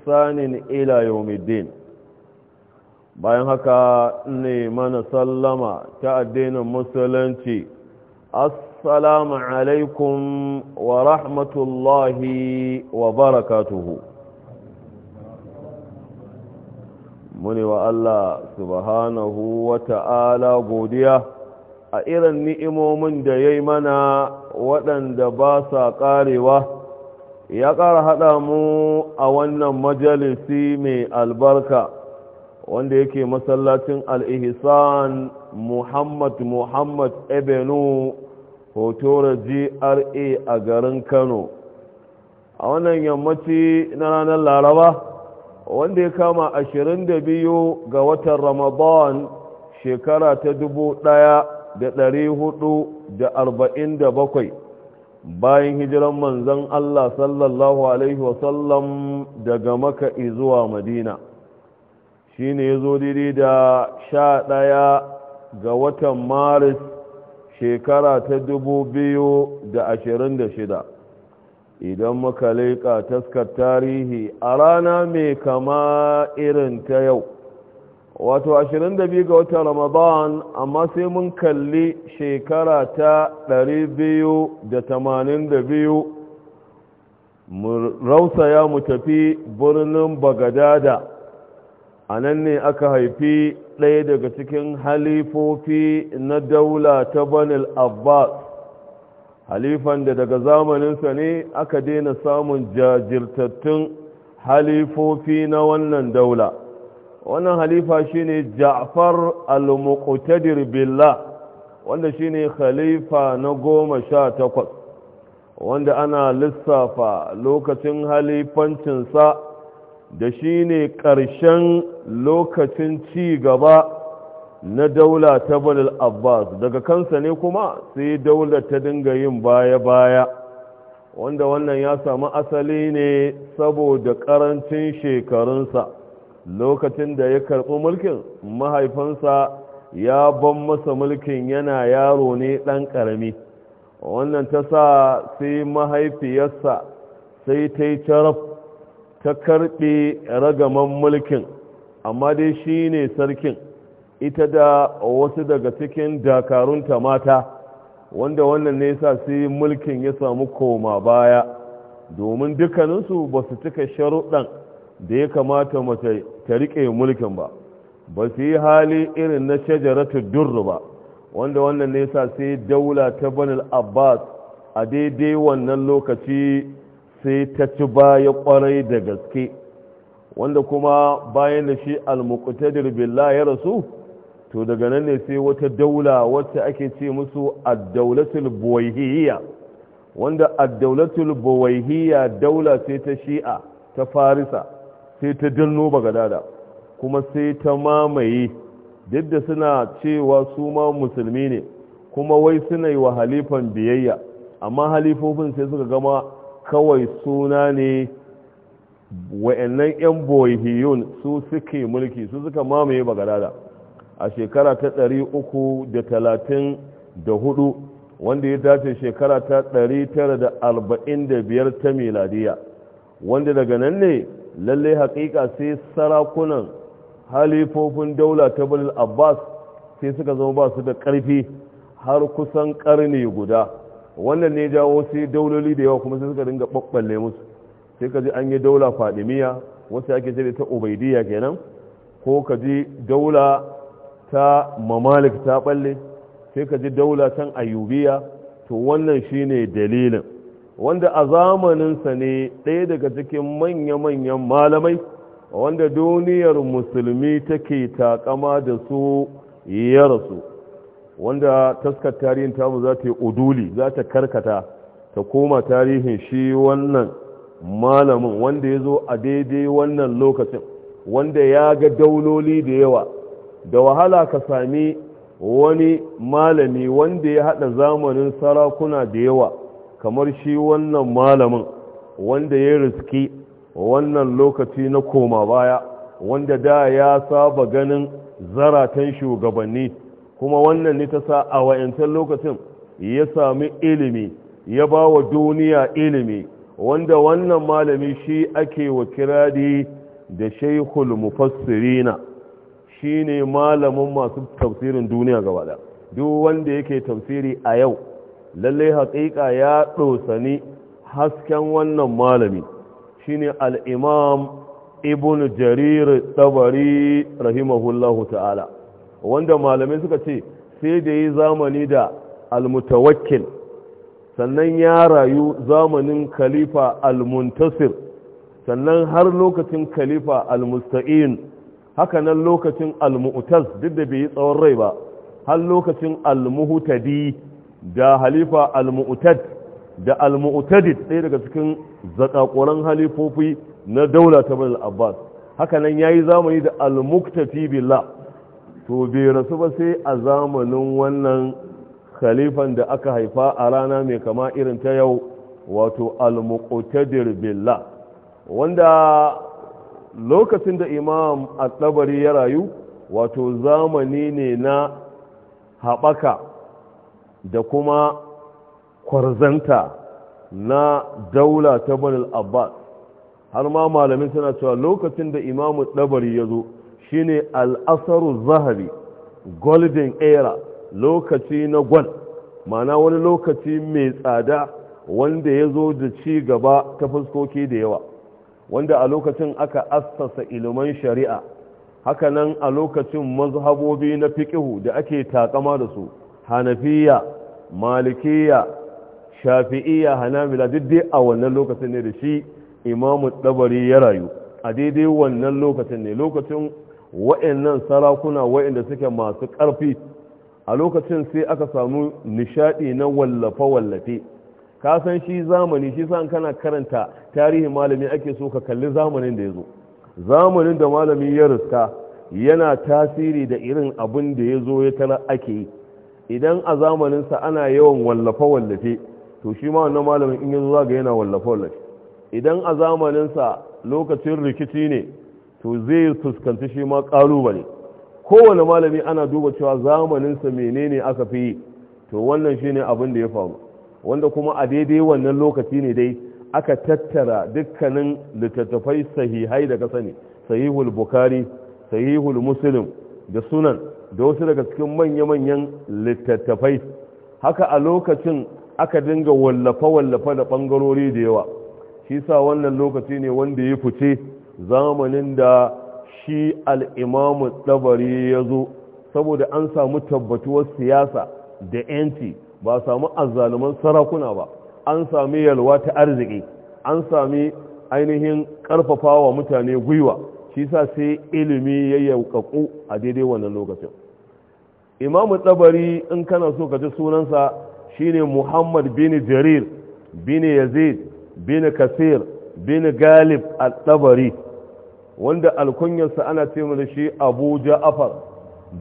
ihsanin ila yawmiddin bayan haka ne mana sallama ta addinin musulunci assalamu alaikum wa rahmatullahi wa barakatuhu muni wa Allah subhanahu wa ta'ala godiya a irin ni'imomin da ya mana waɗanda ba sa ƙarewa ya ƙara haɗa mu a wannan majalisi mai albarka wanda yake masallacin al'ihisan muhammad muhammad ebenu hotora gra a garin kano a wannan yammaci na ranar laraba wanda ya kama biyu ga watan ramadan shekara ta dubu da da da arba'in bakwai. bayan hijiran manzan Allah sallallahu Alaihi wasallam daga maka zuwa madina shi ne ya zo daidai da sha ɗaya ga watan maris shekara ta dubu biyu da ashirin da shida idan muka leƙa taskar tarihi a rana mai kama irin ta yau wato 22 ga wata ramadan amma sai mun kalli shekara ta 282 mu ya mu tafi birnin bagadada a nan ne aka haifi ɗaya daga cikin halifofi na daula ta banil abbas halifan da daga zamaninsa ne aka daina samun jajirtattun halifofi na wannan daula wannan halifa shine ja'far al-muqtadir billah wanda shine khalifa na goma sha takwas wanda ana lissafa lokacin halifancinsa da shine ƙarshen lokacin ci gaba na daula ta balil abbas daga kansa ne kuma sai daula ta dinga yin baya-baya wanda wannan ya samu asali ne saboda ƙarancin shekarunsa lokacin da ya karɓi mulkin mahaifinsa ya ban masa mulkin yana yaro ne ɗan ƙarami wannan ta sa sai mahaifiyarsa sai ta yi caraf ta karɓe ragaman mulkin amma dai shi ne sarkin ita da wasu daga cikin dakarunta mata wanda wannan ne sa sai mulkin ya samu koma baya domin dukkaninsu ba su cika sharuɗan da ya kamata mace ta riƙe mulkin ba ba su yi hali irin na shajaratu durru ba wanda wannan nesa sai daula ta banil abbas a daidai wannan lokaci sai ta ci baya kwarai da gaske wanda kuma bayan da shi al billah ya rasu to daga nan ne sai wata daula wacce ake ce musu addaulatul daulatul wanda addaulatul daulatul daula sai ta shi'a ta farisa sai ta danno bagadada kuma sai ta mamaye duk da suna cewa su ma musulmi ne kuma wai suna yi wa halifan biyayya amma halifofin sai suka gama kawai suna ne wa'annan 'yan boyhiyun su suke mulki su suka mamaye bagadada a shekara ta 334 wanda ya dace shekara ta 945 ta miladiya wanda daga nan ne lalle haƙiƙa sai sarakunan halifofin daula ta bulil abbas sai suka zama ba su da ƙarfi har kusan ƙarni guda wannan ne jawo sai dauloli da yawa kuma sai suka dinga ɓaɓɓalle musu sai ka ji an yi daula fadimiya wasu ake ce ta ubaidiyya kenan ko ka ji daula ta mamalik ta ɓalle sai ka ji daula can ayyubiya to wannan shine dalilin wanda a zamaninsa ne ɗaya daga cikin manya-manyan malamai wanda duniyar musulmi take takama da su ya rasu wanda taskar tarihin tamu za ta yi uduli za ta karkata ta koma tarihin shi wannan malamin wanda ya zo a daidai wannan lokacin wanda ya ga dauloli da yawa da wahala ka sami wani malami wanda ya haɗa zamanin sarakuna da yawa kamar shi wannan malamin wanda ya riski wannan lokaci na koma baya wanda da ya saba ganin zaratan shugabanni kuma wannan ne ta sa a wayancan lokacin ya sami ilimi ya ba wa duniya ilimi wanda wannan malami shi ake wa kirari da shaikul mufassirina ne malamin masu tafsirin duniya gaba duk wanda yake tafsiri a yau lalle haƙiƙa ya ɗosani hasken wannan malami Shi ne imam ibn jarir tabari rahimahullahu ta'ala wanda malamai suka ce sai da yi zamani da almutawakil, sannan ya rayu zamanin kalifa almuntasir, sannan har lokacin kalifa almusta'in, hakanan lokacin almutaz duk da bai yi tsawon rai ba har lokacin almuhutadi. Da halifa al-mu'tad da al-mu'tadid ɗaya daga cikin zakakuran halifofi na daula ta al abbas haka nan yayi zamani da al muktafi billah to bai rasu ba sai a zamanin wannan khalifan da aka haifa a rana mai kama irin ta yau wato al-muqtadir billah wanda lokacin da imam al tabari ya rayu wato zamani ne na haɓaka da kuma kwarzanta na daula ta banil abbas har ma malamin suna cewa lokacin da imamu ɗabari ya zo shi ne al'asaru zahari golden era lokaci na gwal mana wani lokaci mai tsada wanda ya zo da ci gaba ta fuskoki da yawa wanda a lokacin aka assasa ilimin shari'a hakanan a lokacin mazhabobi na fiƙihu da ake takama da su hanafiya malikiya shafi'iya hanabila didi a wannan lokacin ne da shi imamu dabari ya rayu a daidai wannan lokacin ne lokacin wa'annan sarakuna wa'anda suke masu ƙarfi a lokacin sai aka samu nishadi na wallafe-wallafe ka san shi zamani shi san kana karanta tarihin malami ake so ka kalli zamanin da ya zo zamanin da malami ya riska yana tasiri da irin abin da ya zo ya tara ake yi idan a zamaninsa ana yawan wallafe-wallafe to shi ma wannan malamin in yanzu ga yana wallafe-wallafe idan a zamaninsa lokacin rikici ne to zai fuskanci shi ma ƙalubale kowane malami ana duba cewa zamaninsa menene aka fi yi to wannan shi ne abin da ya faru wanda kuma a daidai wannan lokaci ne dai aka tattara dukkanin littattafai sahihai da ka sani sahihul bukari sahihul muslim da sunan da wasu daga cikin manya-manyan littattafai haka a lokacin aka dinga wallafe-wallafe da bangarori da yawa shi sa wannan lokaci ne wanda ya fice zamanin da shi al'imamu tsabari ya zo saboda an samu tabbatuwar siyasa da 'yanci ba samu azzaluman sarakuna ba an sami yalwa ta arziki an sami ainihin ƙarfafawa mutane gwiwa shi sa sai ilimi ya yaukaku a daidai wannan lokacin imamu tsabari in kana so ka ji sunansa shine muhammad bin jarir bin yazid bin kasir bin galib al-tsabari wanda alkunyarsa ana ce mu da shi abu ja'afar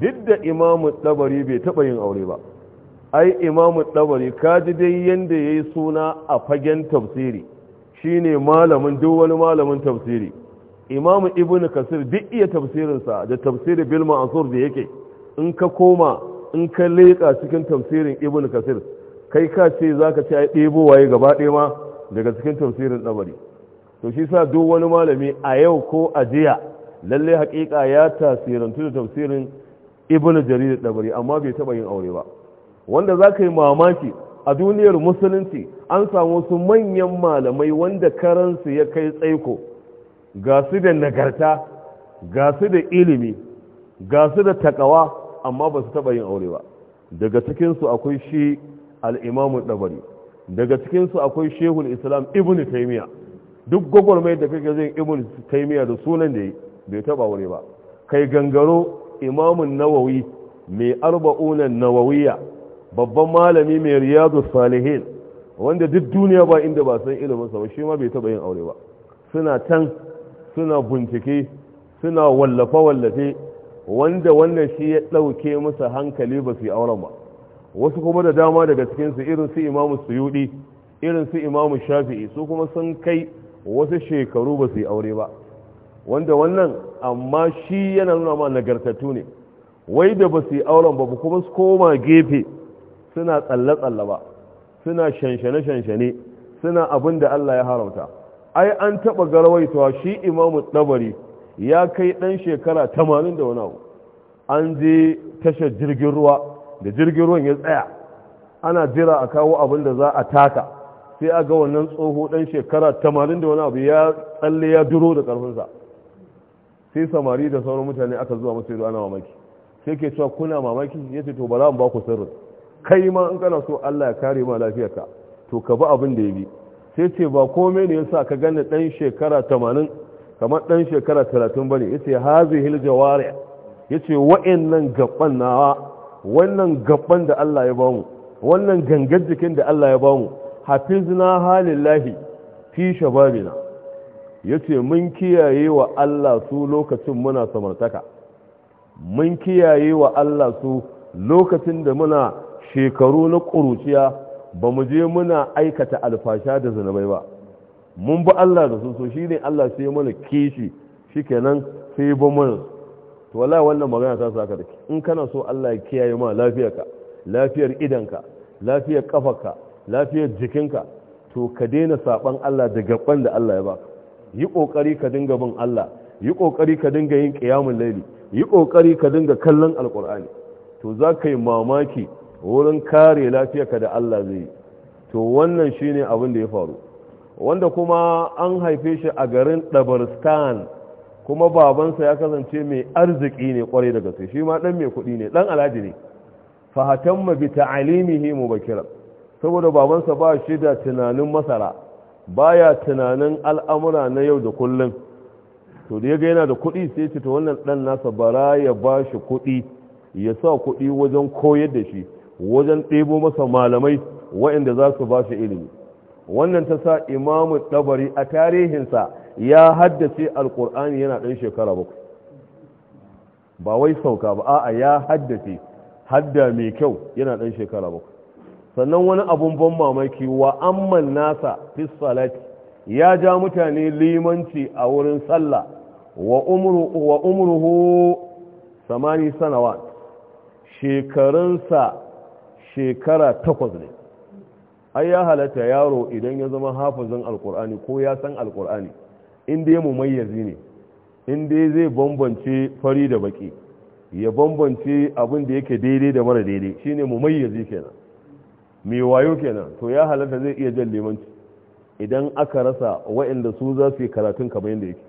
duk da imamu tsabari bai taɓa yin aure ba ai imamu tsabari ji dai yadda ya yi suna a fagen tafsiri shine malamin duk wani malamin tafsiri imamu ibn kasir duk iya tafsirinsa da tafsiri bil ma'asur da yake in ka koma in ka leƙa cikin tafsirin ibn kasir kai ka ce za ka ci a ɗebo waye gaba ɗaya ma daga cikin tafsirin ɗabari to shi sa duk wani malami a yau ko a jiya lallai haƙiƙa ya tasirantu da tafsirin ibn jarir ɗabari amma bai taɓa yin aure ba wanda za ka yi mamaki a duniyar musulunci an samu wasu manyan malamai wanda karansu ya kai tsaiko ga su da nagarta ga su da ilimi ga su da takawa amma ba su taɓa yin aure ba daga cikinsu akwai shi al'imamun ɗabari daga cikinsu akwai shehul islam ibn taimiyya duk gwagwarmai da kake zai ibn taimiyya da sunan da yi bai taɓa aure ba kai gangaro imamun nawawi mai arba'unan nawawiya babban malami mai riyadu salihin wanda duk duniya ba inda ba san ilimin sa ba shi ma bai taɓa yin aure ba suna can suna bincike suna wallafe-wallafe wanda wannan shi ya ɗauke masa hankali ba su yi auren ba wasu kuma da dama daga cikinsu irin su imamu suyudi irin su imamu shafi'i su kuma sun kai wasu shekaru ba su yi aure ba wanda wannan amma shi yana nuna ma nagartattu ne wai da ba su yi auren ba kuma su koma gefe suna tsalle-tsalle ba suna shanshane-shanshane suna abin da Allah ya haramta ai an taɓa garwaitowa shi imamu ɗabari ya kai ɗan shekara tamanin da wani abu an je tashar jirgin ruwa da jirgin ruwan ya tsaya ana jira a kawo abin da za a taka sai a ga wannan tsoho ɗan shekara tamanin da wani abu ya tsalle ya duro da ƙarfinsa sai samari da sauran mutane aka zuwa masu yadda ana mamaki sai ke cewa kuna mamaki ya ce to ba za mu ba ku sirrin kai ma in kana so Allah ya kare ma lafiyarka to ka bi abin da ya bi sai ce ba komai ne yasa ka gane ɗan shekara tamanin kamar dan shekara 30 bane yace hazihil jawari yace wa'annan gaban nawa wannan gaban da Allah ya bamu wannan gangar jikin da Allah ya bamu hafizna halillahi fi shababina yace mun kiyaye wa Allah su lokacin muna samartaka mun kiyaye wa Allah su lokacin da muna shekaru na ƙuruciya ba mu je muna aikata alfasha da zanabai ba mun bi Allah da sun so shi ne Allah sai ya mana kishi shi kenan sai ya mana to wallahi wannan magana ta saka da in kana so Allah ya kiyaye ma lafiyarka lafiyar ka lafiyar kafarka lafiyar jikinka to ka daina saban Allah da gaban da Allah ya baka yi kokari ka dinga bin Allah yi kokari ka dinga yin qiyamul layli yi kokari ka dinga kallon alqur'ani to za ka yi mamaki wurin kare lafiyarka da Allah zai to wannan shine abin da ya faru wanda kuma an haife shi a garin dabaristan kuma babansa ya kasance mai arziki ne kwarai daga gaske shi ma dan mai kuɗi ne dan alhaji ne fa hatamma bi ta'alimihi bakira saboda babansa ba shi da tunanin masara baya tunanin al'amura na yau da kullum to da ya yana da kuɗi sai ce to wannan ɗan nasa bara ya ba shi kuɗi ya sa kuɗi wajen koyar da shi wajen ɗebo masa malamai waɗanda za su ba shi ilimi wannan ta sa imamu tabari a tarihinsa ya haddace alkur'ani yana ɗan shekara bakwai ba wai sauka ba a'a ya haddace hadda mai kyau yana ɗan shekara bakwai sannan wani abun ban mamaki wa amman nasa fi ya ja mutane limanci a wurin sallah wa umruhu samani sanawat shekarunsa shekara takwas ne ai ya halatta yaro idan ya zama hafizin alkur'ani ko ya san alkur'ani in dai mu mayyazi ne in dai zai bambance fari da baki ya bambance abin da yake daidai da mara daidai shine mu mayyazi kenan mai wayo kenan to ya halatta zai iya jan limanci idan aka rasa waɗanda su za su yi karatun kamar yadda yake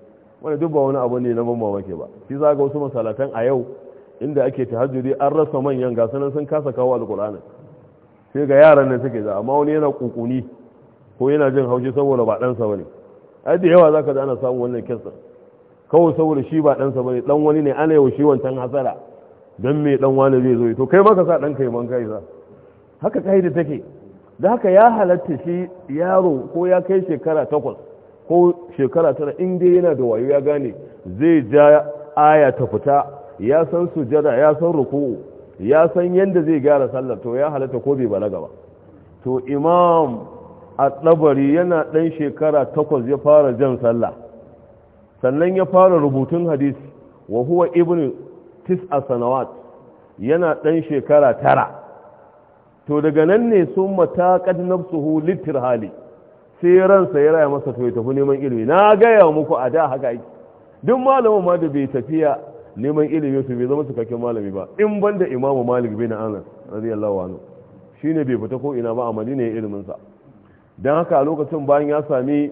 wani duk ba wani abu ne na mamamake ba shi za ga wasu masalatan a yau inda ake tahajjudi an rasa manyan gasanan sun kasa kawo alkur'ani sai ga yaran nan suke za amma wani yana kukuni ko yana jin haushi saboda ba ɗansa ba ne ai da yawa za ka ana samun wannan kinsa kawai saboda shi ba ɗansa ba ne ɗan wani ne ana yau shi wancan hasara don me ɗan wani zai zo to kai maka sa ɗan kai man kai za haka kai da take da haka ya halatta shi yaro ko ya kai shekara takwas ko shekara tara in dai yana da wayo ya gane zai ja aya ta fita ya san sujada ya san ruku'u ya san yadda zai gyara sallar to ya halatta ko bai balaga ba to imam a tsabari yana ɗan shekara takwas ya fara jan sallah sannan ya fara rubutun hadisi wa huwa ibn a sanawat yana ɗan shekara tara to daga nan ne sun mataƙad nafsuhu littir hali sai ransa ya raya masa to ya tafi neman ilimi na gaya muku a da haka duk malamin ma da bai tafiya neman ilimi su bai zama cikakken malami ba in ban banda imamu malik bin anas radiyallahu anhu shine bai fita ko ina ba a madina ya ilimin sa dan haka a lokacin bayan ya sami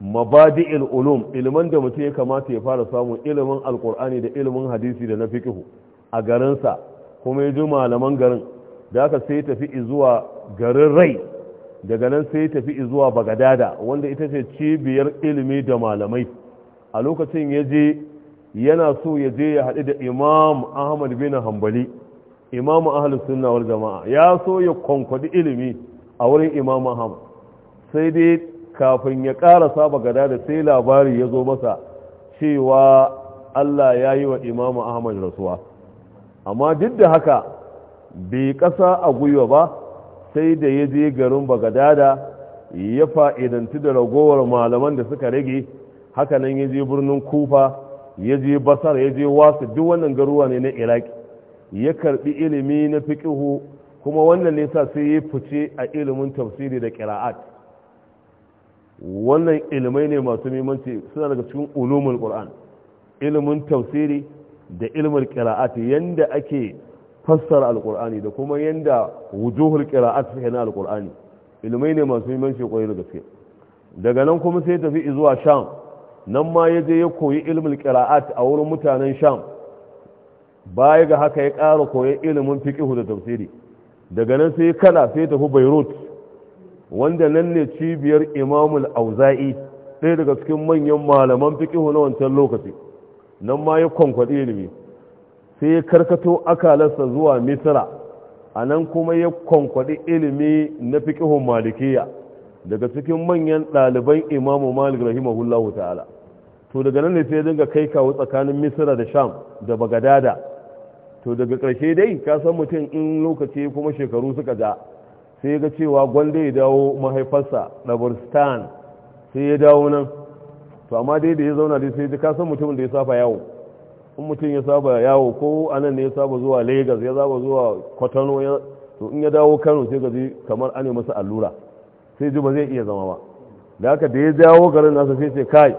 mabadi'il ulum ilimin da mutum ya kamata ya fara samun ilimin alkur'ani da ilimin hadisi da na fiqhu a garin sa kuma ya ji malaman garin da haka sai ya tafi zuwa garin rai daga nan sai ya tafi zuwa bagadada wanda ita ce cibiyar ilimi da malamai a lokacin ya je yana so ya je ya haɗu da imam ahmad bin hambali. imam ahalus sunna wal jama'a ya so ya kwankwadi ilimi a wurin imam ahmad sai dai kafin ya ƙara saba gada da sai labari ya zo masa cewa allah ya yi wa imam ahmad rasuwa amma duk da haka bai ƙasa a gwiwa ba sai da ya je garin bagadada ya fa'idanci da ragowar malaman da suka rage hakanan ya je birnin kufa ya je basar ya je wasu duk wannan garuwa ne na iraki ya karbi ilimi na fiƙihu kuma wannan ne sa sai ya fice a ilimin tafsiri da qira'at wannan ilimai ne masu muhimmanci suna daga cikin ulumul qur'an ilimin tafsiri da ilimin qira'at yanda ake fassara alqur'ani da kuma yanda wujuhul qira'at suke na alqur'ani ilimai ne masu muhimmanci kwarai da gaske daga nan kuma sai tafi zuwa sham nan ma ya je ya koyi ilmin kiraat a wurin mutanen sham baya ga haka ya ƙara koyi ilimin fiƙihu da tafsiri daga nan sai kala sai tafi beirut wanda nan ne cibiyar imamul auza'i ɗaya daga cikin manyan malaman fiƙihu na wancan lokaci nan ma ya kwankwaɗi ilimi sai ya karkato akalarsa zuwa misira a nan kuma ya kwankwaɗi ilimi na fiƙihun malikiya daga cikin manyan ɗaliban imamu malik rahimahullahu ta'ala to daga nan ne sai dinga kai kawo tsakanin misira da sham da bagadada to daga ƙarshe dai ka san mutum in lokaci kuma shekaru suka ja sai ga cewa gwanda ya dawo mahaifarsa dabarstan sai ya dawo nan to amma dai da ya zauna dai sai ka san mutumin da ya saba yawo in mutum ya saba yawo ko anan ne ya saba zuwa lagos ya saba zuwa kwatano to in ya dawo kano sai gaji kamar an yi masa allura sai ji ba zai iya zama ba da haka da ya dawo garin nasa sai sai kai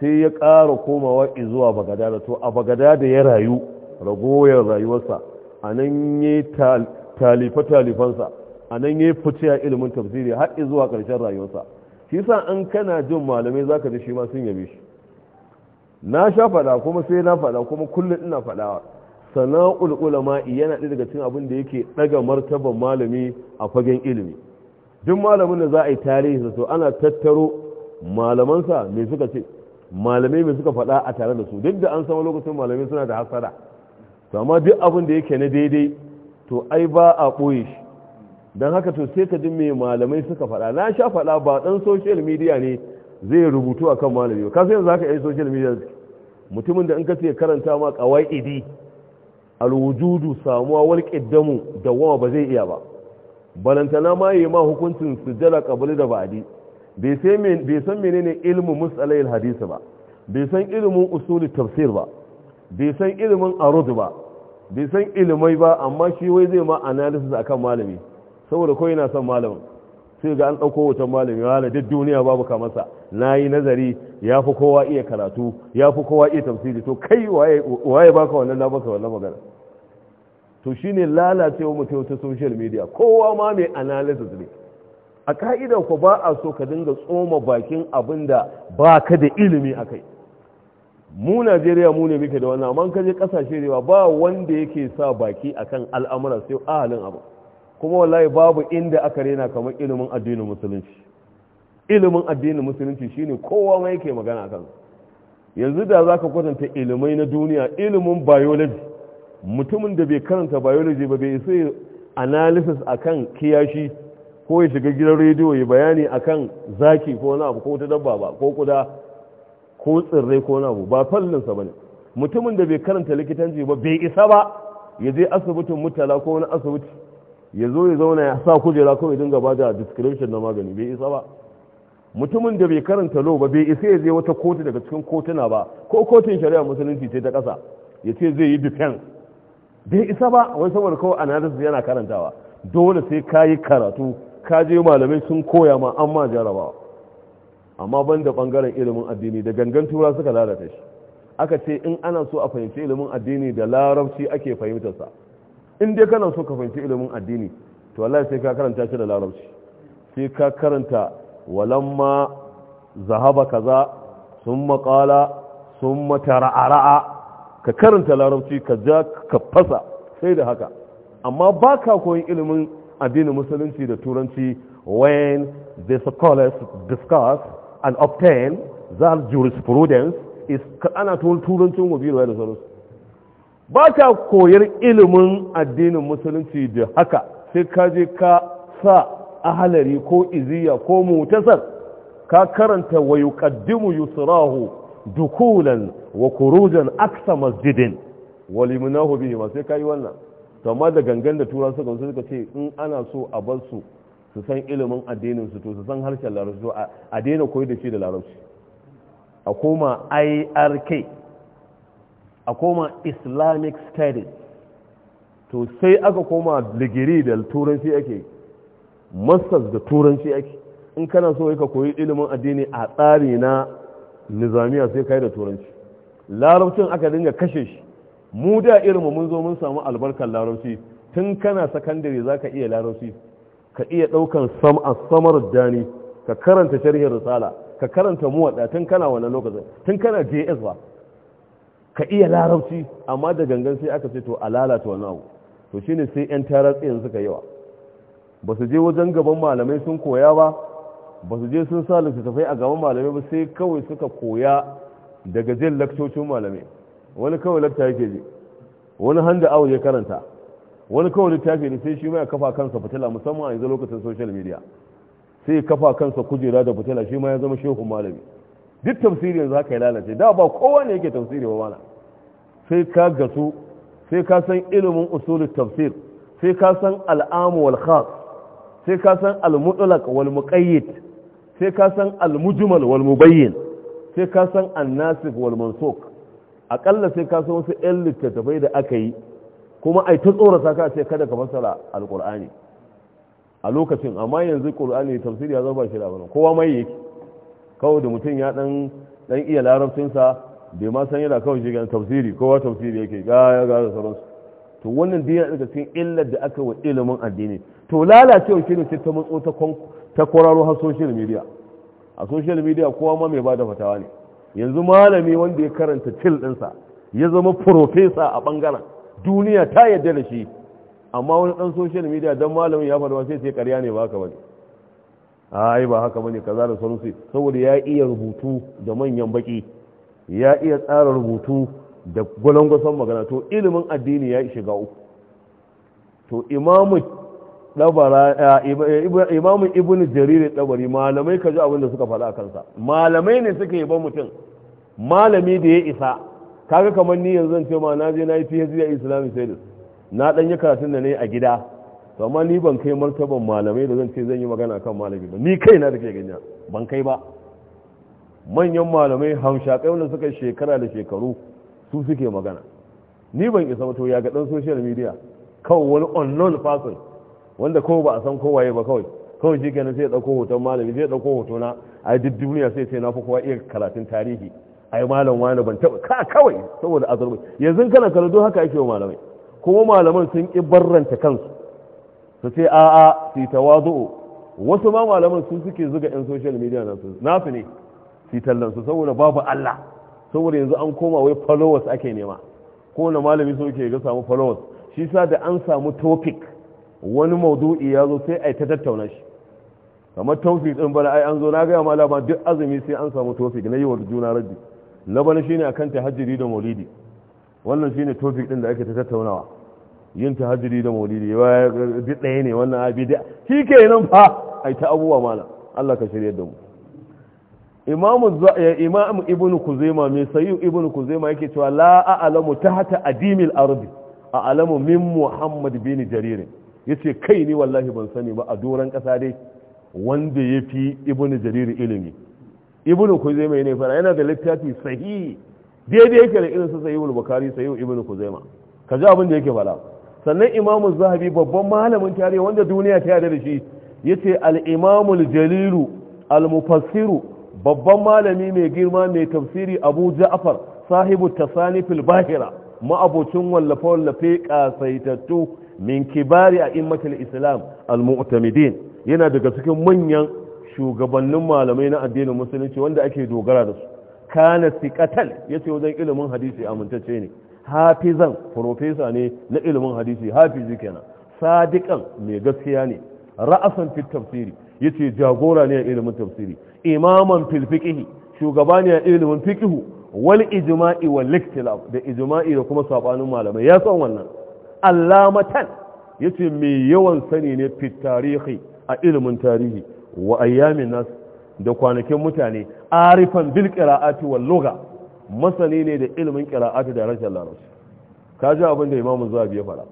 sai ya ƙara komawa zuwa bagadada to a bagadada ya rayu ragoyar rayuwarsa a nan ya talifa-talifansa a nan ya fice a ilimin tafsiri har zuwa ƙarshen rayuwarsa shi sa an kana jin malamai za ka ji shi ma sun yabe shi na sha faɗa kuma sai na faɗa kuma kullum ina faɗawa sana'ul ulama yana ɗaya daga cikin abin da yake ɗaga martaban malami a fagen ilimi duk malamin da za a yi tarihi to ana tattaro malamansa me suka ce malamai mai suka faɗa a tare da su duk da an sama lokacin malamai suna da hasara to amma duk abin da yake na daidai to ai ba a ɓoye shi don haka to sai ka ji mai malamai suka faɗa na sha faɗa ba ɗan social media ne zai rubutu a kan malami ba kasu yanzu haka yi social media mutumin da in ka ce karanta ma kawai idi alwujudu samuwa wal ƙiddamu wama ba zai iya ba balantana ma yi ma hukuncin sujjala kabali da ba'adi bai san menene ilmin musalai hadisi ba bai san ilimin usuli tafsir ba bai san ilimin arudu ba bai san ilimai ba amma shi wai zai ma analysis akan malami saboda kawai yana son malamin sai ga an ɗauko wutan malami wala duk duniya babu kamarsa na yi nazari ya fi kowa iya karatu ya fi kowa iya tafsiri to kai waye baka wannan na baka wannan magana to shine lalacewa mutum ta social media kowa ma mai analysis ne a ka'idar ku ba a so ka dinga tsoma bakin abin da ba ka da ilimi a kai mu najeriya mu ne muke da wannan amma kaje kasashe ne ba wanda yake sa baki akan al'amura sai ahalin abu kuma wallahi babu inda aka rena kamar ilimin addinin musulunci ilimin addinin musulunci shine kowa ma yake magana akan yanzu da za ka kwatanta ilimai na duniya ilimin biology mutumin da bai karanta biology ba bai isa analysis akan kiyashi ko ya shiga gidan rediyo ya bayani akan zaki ko wani abu ko wata dabba ba ko kuda ko tsirrai ko wani abu ba fallinsa ba ne mutumin da bai karanta likitanci ba bai isa ba ya je asibitin mutala ko wani asibiti ya zo ya zauna ya sa kujera ko ya dinga ba da description na magani bai isa ba mutumin da bai karanta lo ba bai isa ya je wata kotu daga cikin kotuna ba ko kotun shari'a musulunci ce ta kasa ya ce zai yi defense bai isa ba wani saboda kawai analysis yana karantawa dole sai ka yi karatu ka je malamai sun koya ma an ma jarabawa amma ban da bangaren ilimin addini da gangan tura suka lalata shi aka ce in ana so a fahimci ilimin addini da larabci ake fahimtarsa in dai kana so ka fahimci ilimin addini to wallahi sai ka karanta shi da larabci sai ka karanta walamma zahaba kaza sun maƙala sun matara'ara'a ka karanta larabci ka ja ka fasa sai da haka amma ba ka koyin ilimin addinin musulunci da turanci when the scholars discuss and obtain that jurisprudence is ana turancin wabiru da sauransu ba ka koyar ilimin addinin musulunci da haka sai ka je ka sa ahalari ko iziya ko mutasar ka karanta wa yuqaddimu yusrahu dukulan wa kurujan aksa masjidin walimunahu bihi ma sai ka yi wannan to amma da gangan da tura suka wasu suka ce in ana so a bar su su san ilimin addinin su to su san harshen larabci to a daina koyi da shi da larabci a koma irk a koma islamic studies to sai aka koma digiri da turanci ake masters da turanci ake in kana so ka koyi ilimin addini a tsari na nizamiya sai kai da turanci larabcin aka dinga kashe shi mu da irin irinmu mun zo mun samu albarkar larabci tun kana sakandare za ka iya larabci ka iya ɗaukan samar dani ka karanta sharhin risala ka karanta muwaɗa tun kana wannan lokacin tun kana js ba ka iya larabci amma da gangan sai aka ce to a lalata wani abu to shine sai 'yan taratsayin suka yawa ba su je wajen gaban malamai sun koya ba ba su je sun sa littattafai a gaban malamai ba sai kawai suka koya daga jin laktocin malamai wani kawai lafta yake je wani handa awo ya karanta wani kawai littafi ne sai shi ma ya kafa kansa fitila musamman a yanzu lokacin social media sai ya kafa kansa kujera da fitila shi ma ya zama shehu malami duk tafsiri yanzu haka ya lalace da ba kowa ne yake tafsiri ba wala sai ka gasu sai ka san ilimin usulul tafsir sai ka san al'amu wal khas sai ka san al-mutlaq wal muqayyid sai ka san al-mujmal wal mubayyin sai ka san an-nasif wal mansukh aƙalla sai ka san wasu 'yan littattafai da aka yi kuma ai ta tsorata ka ce kada ka fassara alƙur'ani a lokacin amma yanzu ƙur'ani tafsiri ya zama shi da bana kowa mai yake kawai da mutum ya dan dan iya larabcinsa bai ma san yana kawai ga tafsiri kowa tafsiri yake ga ya ga da sauransu to wannan dai daga cikin illar da aka wa ilimin addini to lalacewa shi ne sai ta matso ta kwararo har social media a social media kowa ma mai ba da fatawa ne yanzu malami wanda ya karanta cil ɗinsa ya zama profesa a ɓangaren duniya ta yadda da shi amma wani ɗan social media don malamin ya faruwa sai sai karya ne ba haka bane ai ba haka bane kaza da sauransu saboda ya iya rubutu da manyan baki ya iya tsara rubutu da gwalangwason magana to ilimin addini ya shiga uku to imamu dabara imamu ibnu jarir dabari malamai ka ji abin da suka faɗa kansa malamai ne suka yaba mutum malami da ya isa kaga kamar ni yanzu zan ce ma na je na yi PhD a Islamic Studies na dan yi karatun da ne a gida to amma ni ban kai martaban malamai da zan ce zan yi magana kan malami ba ni na da ke ganya ban kai ba manyan malamai hamshakai wanda suka shekara da shekaru su suke magana ni ban isa ba to ya ga dan social media kawai wani unknown person wanda kawai ba a san kowaye ba kawai kawai shi ganin sai ya ɗauko hoton malami sai ya ɗauko hotona a duk duniya sai sai na fi kowa iya karatun tarihi a yi malam wani ban taɓa ka kawai saboda azurbi yanzu kana kallo don haka ake wa malamai kuma malaman sun ƙi barranta kansu su ce a'a su tawazu'u wasu ma malaman su suke zuga yan social media na su nasu ne su tallan su saboda babu Allah saboda yanzu an koma wai followers ake nema kowane malami sun ke ga samu followers shi sa da an samu topic wani maudu'i ya zo sai a ta tattauna shi kamar tawfiq din bala ai an zo na gaya malama duk azumi sai an samu tawfiq na yi wa juna raddi labana shine akan tahajjudi da maulidi wannan shine tawfiq din da ake ta tattaunawa yin tahajjudi da maulidi ba bi ɗaya ne wannan abi da nan fa ai ta abuwa mala Allah ka shirye da mu imam imam ibn kuzaima mai sayyid ibn kuzaima yake cewa la a'lamu tahta adimil ardi a'lamu min muhammad bin jarir ya ce kai ne wallahi ban sani ba a doron kasa dai wanda ya fi ibn jariri ilimi ibn kuzaima ne fara yana da littafi sahihi daidai yake da irin su sahihu bukari sahihu ibn kuzaima ka ji abin da yake fara sannan imamu zahabi babban malamin tarihi wanda duniya ta yarda da shi yace al-imamu jalilu al-mufassiru babban malami mai girma mai tafsiri abu ja'far sahibu fil bahira ma'abocin wallafe-wallafe kasaitattu min kibari a immatul islam al-mu'tamidin yana daga cikin manyan shugabannin malamai na addinin musulunci wanda ake dogara da su kana siqatal yace wajen ilimin hadisi amintacce ne hafizan profesa ne na ilimin hadisi hafizi kenan sadiqan mai gaskiya ne ra'asan fit tafsiri yace jagora ne a ilimin tafsiri imaman fil fiqhi shugaba ne a ilimin fiqhu wal ijma'i wal iktilaf da ijma'i da kuma sabanin malamai ya san wannan allamatan yace mai yawan sani ne fi tarihi a ilimin tarihi wa ayyamin nas da kwanakin mutane arifan bil qira'ati wal lugha masani ne da ilimin qira'ati da rashin larabci kaji abin da imamu zabi ya fara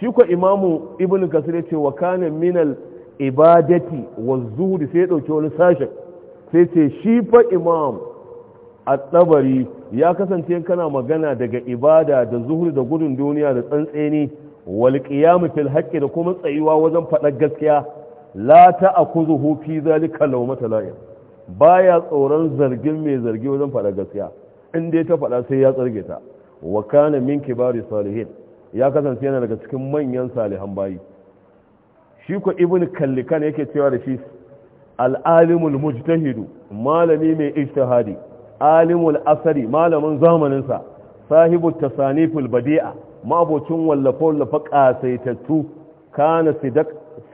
shi ko imamu ibn kasir yace wa kana min al ibadati waz zuhd sai ya dauki wani sashi sai ce shi fa imam at-tabari ya kasance kana magana daga ibada da zuhur da gudun duniya da tsantseni wal qiyam fil haqqi da kuma tsayuwa wajen faɗa gaskiya la ta'khuzuhu fi zalika law la'im baya tsoron zargin mai zargi wajen faɗar gaskiya in dai ta fada sai ya tsarge ta wa kana min kibari salihin ya kasance yana daga cikin manyan salihan bayi shi ko ibn kallikan yake cewa da shi al'alimul mujtahidu malami mai ijtihadi alimul asari malamin zamaninsa sahibu tasaniful badi'a ma'abocin wallafe-wallafe ƙasaitattu kana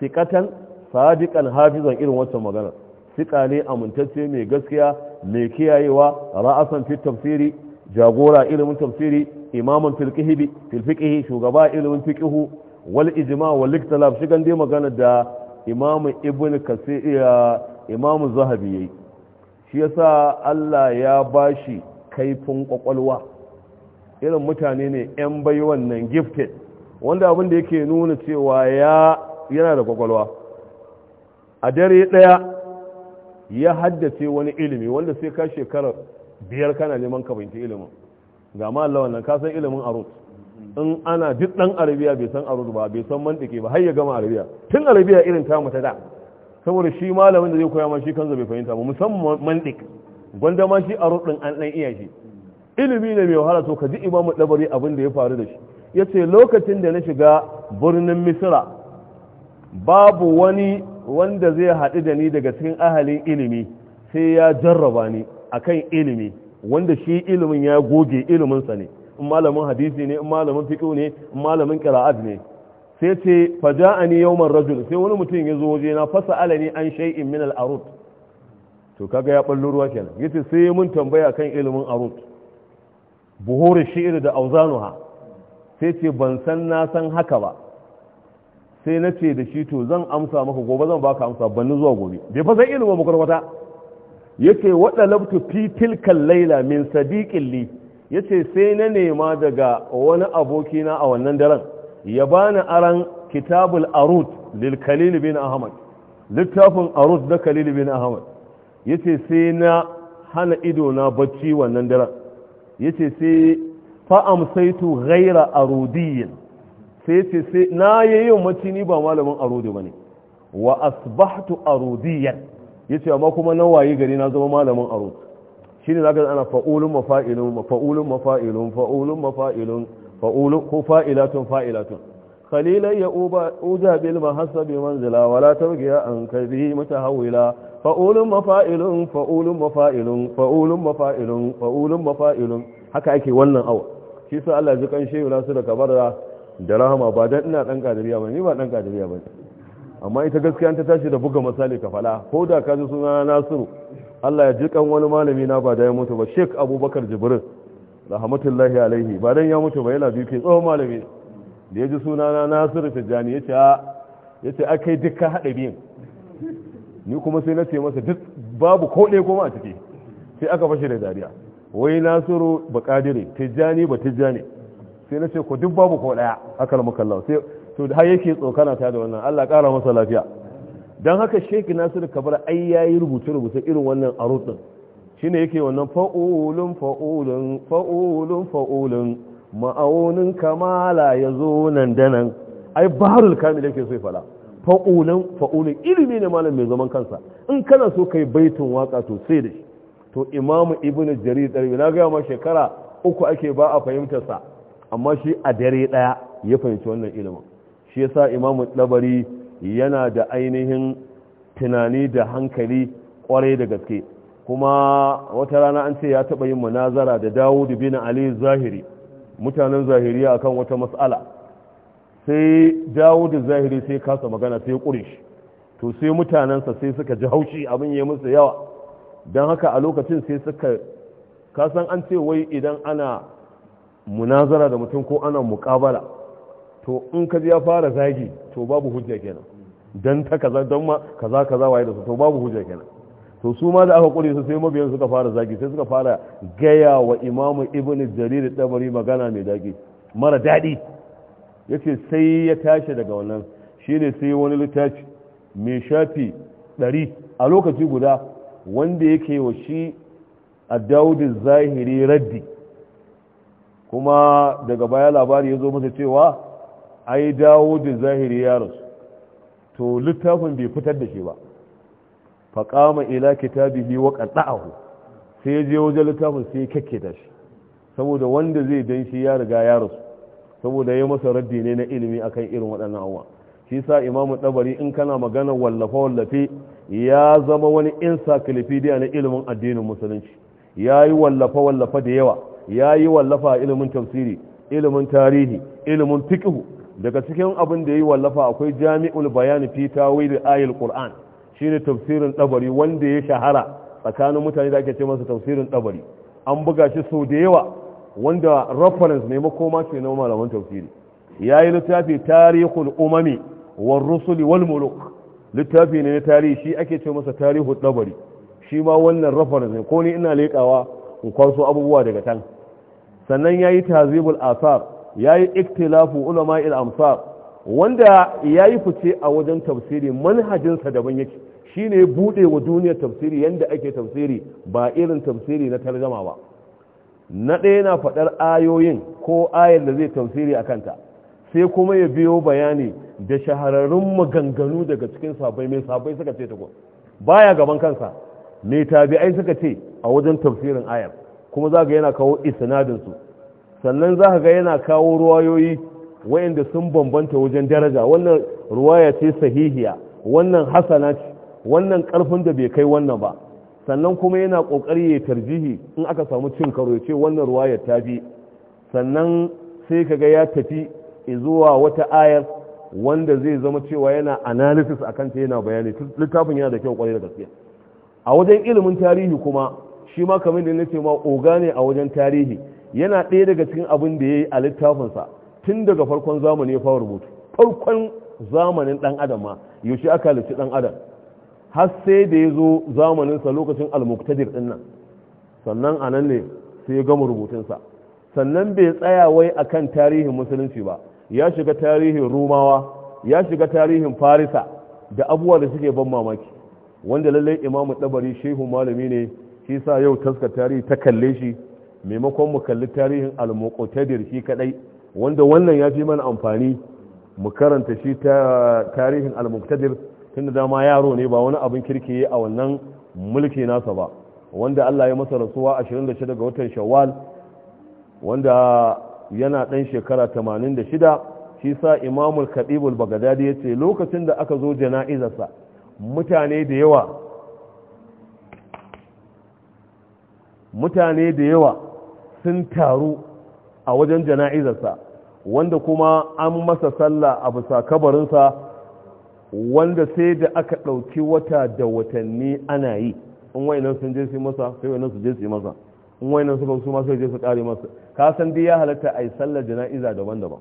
sikatan sadiƙan hafizan irin wata magana sika ne amintacce mai gaskiya mai kiyayewa ra'asan fit tafsiri jagora ilimin tafsiri imaman filqihi filfiqhi shugaba ilimin fiqhu wal ijma wal iktilaf dai magana da imamu ibn kasir imamu zahabi yayi shi yasa Allah ya bashi kaifin kwakwalwa irin mutane ne 'yan bai wannan gifted wanda abin da yake nuna cewa ya yana da kwakwalwa a dare daya ya haddace wani ilimi wanda sai ka shekarar biyar kana neman ka fahimci ilimin ga ma Allah wannan ka san ilimin arut in ana duk dan arabiya bai san arut ba bai san mantiki ba har ya gama arabiya tun arabiya irin ta mu da saboda shi malamin da zai koya ma shi kansa bai fahimta ba musamman mandik gwanda ma shi a rudin an dan iya shi ilimi ne mai wahala to ka ji imamu dabari abin da ya faru da shi yace lokacin da na shiga birnin misira babu wani wanda zai haɗu da ni daga cikin ahalin ilimi sai ya jarraba ni akan ilimi wanda shi ilimin ya goge iliminsa ne in malamin hadisi ne in malamin fiqh ne in malamin qira'at ne sai ce ni yau rajul sai wani mutum ya zo waje na fasa alani an shai'in min al'arut arut to kaga ya ɓallo ruwa kenan yace sai mun tambaya kan ilimin arut buhuri shi'ir da auzanuha sai ce ban san na san haka ba sai na ce da shi to zan amsa maka gobe zan baka amsa banni zuwa gobe bai fasa ilimin ba kwarkwata yace wada labtu fi tilkal Laila min sadiqin li yace sai na nema daga wani abokina a wannan daren ya bani aran kitabul arut lil khalil bin ahmad littafin arut da khalil bin ahmad yace sai na hana ido na bacci wannan dare yace sai fa amsaitu ghaira arudiyin sai yace sai na yayin mace ni ba malamin arudi bane wa asbahtu arudiyan yace amma kuma na wayi gari na zama malamin arudi shine zaka ana fa'ulun mafa'ilun mafa'ulun mafa'ilun fa'ulun mafa'ilun fa'ulu ko fa'ilatun fa'ilatun khalilai ya uja bil mahasabi manzila wala tawgiya an kabi mutahawila fa'ulun mafa'ilun fa'ulun mafa'ilun fa'ulun mafa'ilun fa'ulun mafa'ilun haka ake wannan awa shi sa Allah ji kan shehu nasu da kabarra da rahama ba dan ina dan kadiriya ba ni ba dan kadiriya ba amma ita gaskiya ta tashi da buga misali ka fala ko da ka ji suna nasiru Allah ya ji kan wani malami na ba da ya mutu ba Sheikh Abubakar Jibril rahmatullahi alaihi ba dan ya mutu ba yana biyu ke tsohon malami da ya ji sunana nasiru jani ya ce ya ce akai duka haɗa biyun ni kuma sai na ce masa duk babu ko ɗaya kuma a ciki sai aka fashe da dariya wai nasiru ba kadire jani ba jani sai na ce ko duk babu ko ɗaya haka na makalla sai to har yake tsokana ta da wannan allah ƙara masa lafiya don haka sheki nasiru kabar ai ya yi rubuce-rubuce irin wannan arutun ne yake wannan fa'ulun fa'ulun fa'ulun fa'ulun ma'aunin kamala ya zo nan da nan ai baharul kamil yake so fada fa'ulun fa'ulun ilimi ne malam mai zaman kansa in kana so kai baitin waka sosai da shi to imamu ibnu jari darbi na ga ma shekara uku ake ba a fahimtarsa amma shi a dare ɗaya ya fahimci wannan ilimin shi yasa imamu dabari yana da ainihin tunani da hankali kwarai da gaske kuma wata rana an ce ya taɓa yin munazara da dawud bin ali zahiri mutanen zahiriya akan wata mas'ala sai dawud zahiri sai kasa magana sai ƙure shi to sai mutanensa sai suka ji haushi abin ya musu yawa don haka a lokacin sai suka kasan an ce wai idan ana munazara da mutum ko ana muƙabala to in ka ya fara zagi to babu hujja kenan don ta kaza don ma kaza kaza waye da su to babu hujja kenan to su ma da aka kure su sai mabiyan suka fara zagi sai suka fara gaya wa imamu ibn jarir dabari magana mai daki mara daɗi yace sai ya tashi daga wannan shine sai wani littafi mai shafi ɗari a lokaci guda wanda yake wa shi a zahiri raddi kuma daga baya labari ya zo masa cewa ai da zahiri ya rasu to littafin bai fitar da shi ba faƙama ila kitabihi wa qata'ahu sai je wajen littafin sai ya da shi saboda wanda zai dan shi ya riga ya rasu saboda ya masa raddi ne na ilimi akan irin waɗannan abubuwa shi sa imamu tabari in kana magana wallafa wallafe ya zama wani encyclopedia na ilimin addinin musulunci yayi wallafa wallafe da yawa yayi wallafa ilimin tafsiri ilimin tarihi ilimin fiqh daga cikin abin da ya wallafa akwai jami'ul bayani fi tawil ayil qur'an shine tafsirin dabari wanda ya shahara tsakanin mutane da ake ce masa tafsirin dabari an buga shi sau da yawa wanda reference ne makoma ce na malaman tafsiri yayi littafi tarihul umami war rusuli wal muluk littafi ne na tarihi shi ake ce masa tarihul dabari shi ma wannan reference ne ko ni ina lekawa in kwaso abubuwa daga tan sannan yayi tazibul asar yayi iktilafu ulama il amsar wanda yi fice a wajen tafsiri manhajinsa daban yake shine ya bude wa duniyar tafsiri yanda ake tafsiri ba irin tafsiri na tarjama ba na ɗaya na faɗar ayoyin ko ayar da zai tafsiri a kanta sai kuma ya biyo bayani da shahararrun maganganu daga cikin sabai mai sabai suka ce takwas baya gaban kansa mai tabi'ai suka ce a wajen tafsirin ayar kuma za ga yana kawo isnadinsu sannan za ga yana kawo ruwayoyi wayanda sun bambanta wajen daraja wannan ruwaya ce sahihiya wannan hasana ce wannan karfin da bai kai wannan ba sannan kuma yana kokari ya tarjihi in aka samu cin karo ce wannan ruwayar ta fi sannan sai ka ga ya tafi zuwa wata ayar wanda zai zama cewa yana analysis akan ta yana bayani littafin yana da kyau kwarai da gaske a wajen ilimin tarihi kuma shi ma kamar da nace ma oga ne a wajen tarihi yana ɗaya daga cikin abin da ya yi a littafinsa tun daga farkon zamani ya fara rubutu farkon zamanin dan adam ma yaushe aka lici dan adam har sai da ya zo zamaninsa lokacin almuktadir ɗin nan sannan a nan ne sai ya gama rubutunsa sannan bai tsaya wai a kan tarihin musulunci ba ya shiga tarihin rumawa ya shiga tarihin farisa da abubuwa da suke ban mamaki wanda lallai imamu ɗabari shehu malami ne shi sa yau taska tarihi ta kalle shi maimakon mu kalli tarihin almuktadir shi kadai wanda wannan ya fi mana amfani mu karanta shi ta tarihin almuktadir tun da dama yaro ne ba wani abin kirki a wannan mulki nasa ba wanda Allah ya masa rasuwa 26 ga watan shawwal wanda yana ɗan shekara 86 shi sa imamul kadibul bagadadi ya ce lokacin da aka zo jana'izarsa mutane da yawa mutane da yawa sun taru a wajen jana'izarsa wanda kuma an masa sallah a bisa kabarinsa wanda sai da aka ɗauki wata da watanni ana yi in wani nan sun je su masa sai wani nan su je su yi masa in wani nan su ba su ma sai je su ƙare masa ka san dai ya halatta ai sallar jana'iza daban-daban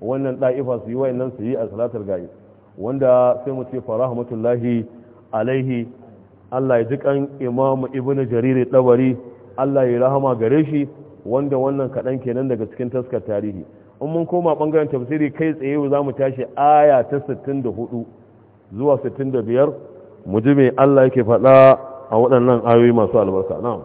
wannan ɗa'ifa su yi wani nan su yi a salatar ga'i wanda sai mu ce fa rahmatullahi alaihi Allah ya ji kan Imam Ibn Jarir Tabari Allah ya rahama gare shi wanda wannan kaɗan kenan daga cikin taskar tarihi in mun koma ɓangaren tafsiri kai tsaye za mu tashi aya ta 64 zuwa 65 mu ji mai Allah yake faɗa a waɗannan ayoyi masu albarka na'am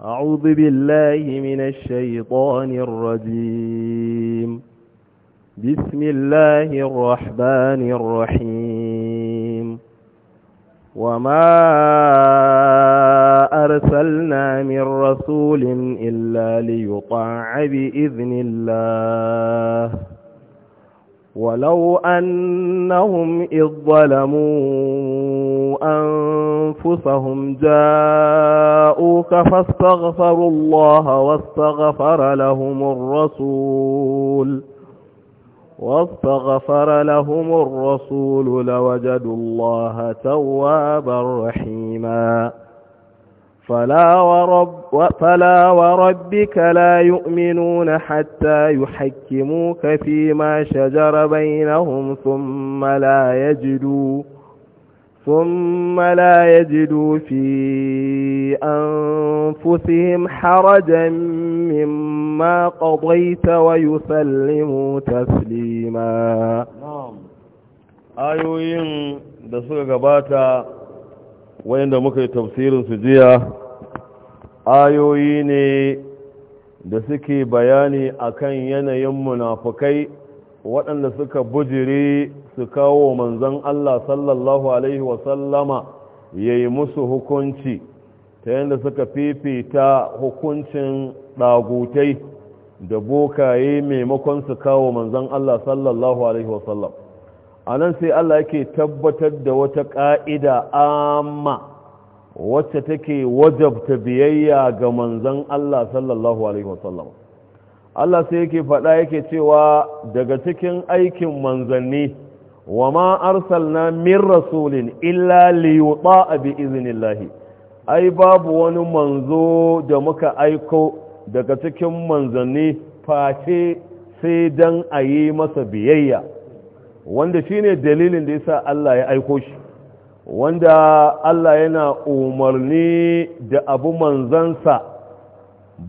أعوذ بالله من الشيطان الرجيم بسم الله الرحمن الرحيم وما أرسلنا من رسول إلا ليطاع بإذن الله ولو أنهم إذ ظلموا أنفسهم جاءوك فاستغفروا الله واستغفر لهم الرسول واستغفر لهم الرسول لوجدوا الله توابا رحيما فلا, ورب فلا وربك لا يؤمنون حتى يحكموك فيما شجر بينهم ثم لا يجدوا ثم لا يجدوا في أنفسهم حرجا مما قضيت ويسلموا تسليما نعم ayoyin da suka gabata wayanda muka yi tafsirin jiya ayoyi ne da suke bayani akan yanayin munafukai waɗanda suka bujire su kawo manzon Allah sallallahu alaihi wasallama ya yi musu hukunci ta yadda suka fifita hukuncin ɗagutai da bokaye maimakon su kawo manzon Allah sallallahu alaihi wasallam a nan sai Allah yake tabbatar da wata ƙa'ida amma wacce take wajabta biyayya ga manzon Allah sallallahu alaihi wasallam Allah sai yake faɗa yake cewa daga cikin aikin manzanni wa ma arsalna min rasulin illa li yuta'a bi iznillahi ai babu wani manzo da muka aiko daga cikin manzanni face sai dan a yi masa biyayya wanda shine dalilin da yasa Allah ya aiko shi wanda Allah yana umarni da abu manzansa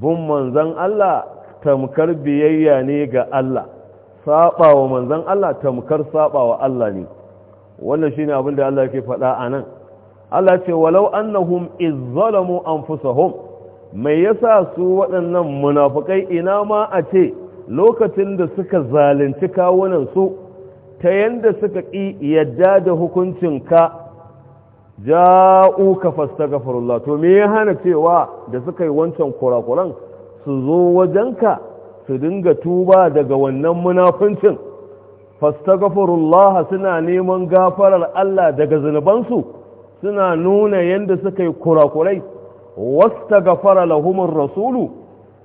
bun manzan Allah tamkar biyayya ne ga Allah saba wa manzan Allah tamkar saba wa Allah ne wannan shine abin da Allah yake faɗa a nan Allah ce walau annahum izzalamu anfusahum mai yasa su waɗannan munafukai ina ma a ce lokacin da suka zalunci kawunan su ta yanda suka ƙi yadda da hukuncin hukuncinka ja'uka fastaghfirullah to me ya hana cewa da suka yi wancan kurakuran su zo wajenka su dinga tuba daga wannan munafincin fastagfirullah suna neman gafarar Allah daga zunubansu suna nuna yanda suka yi kurakurai wastaghfara lahumur rasulu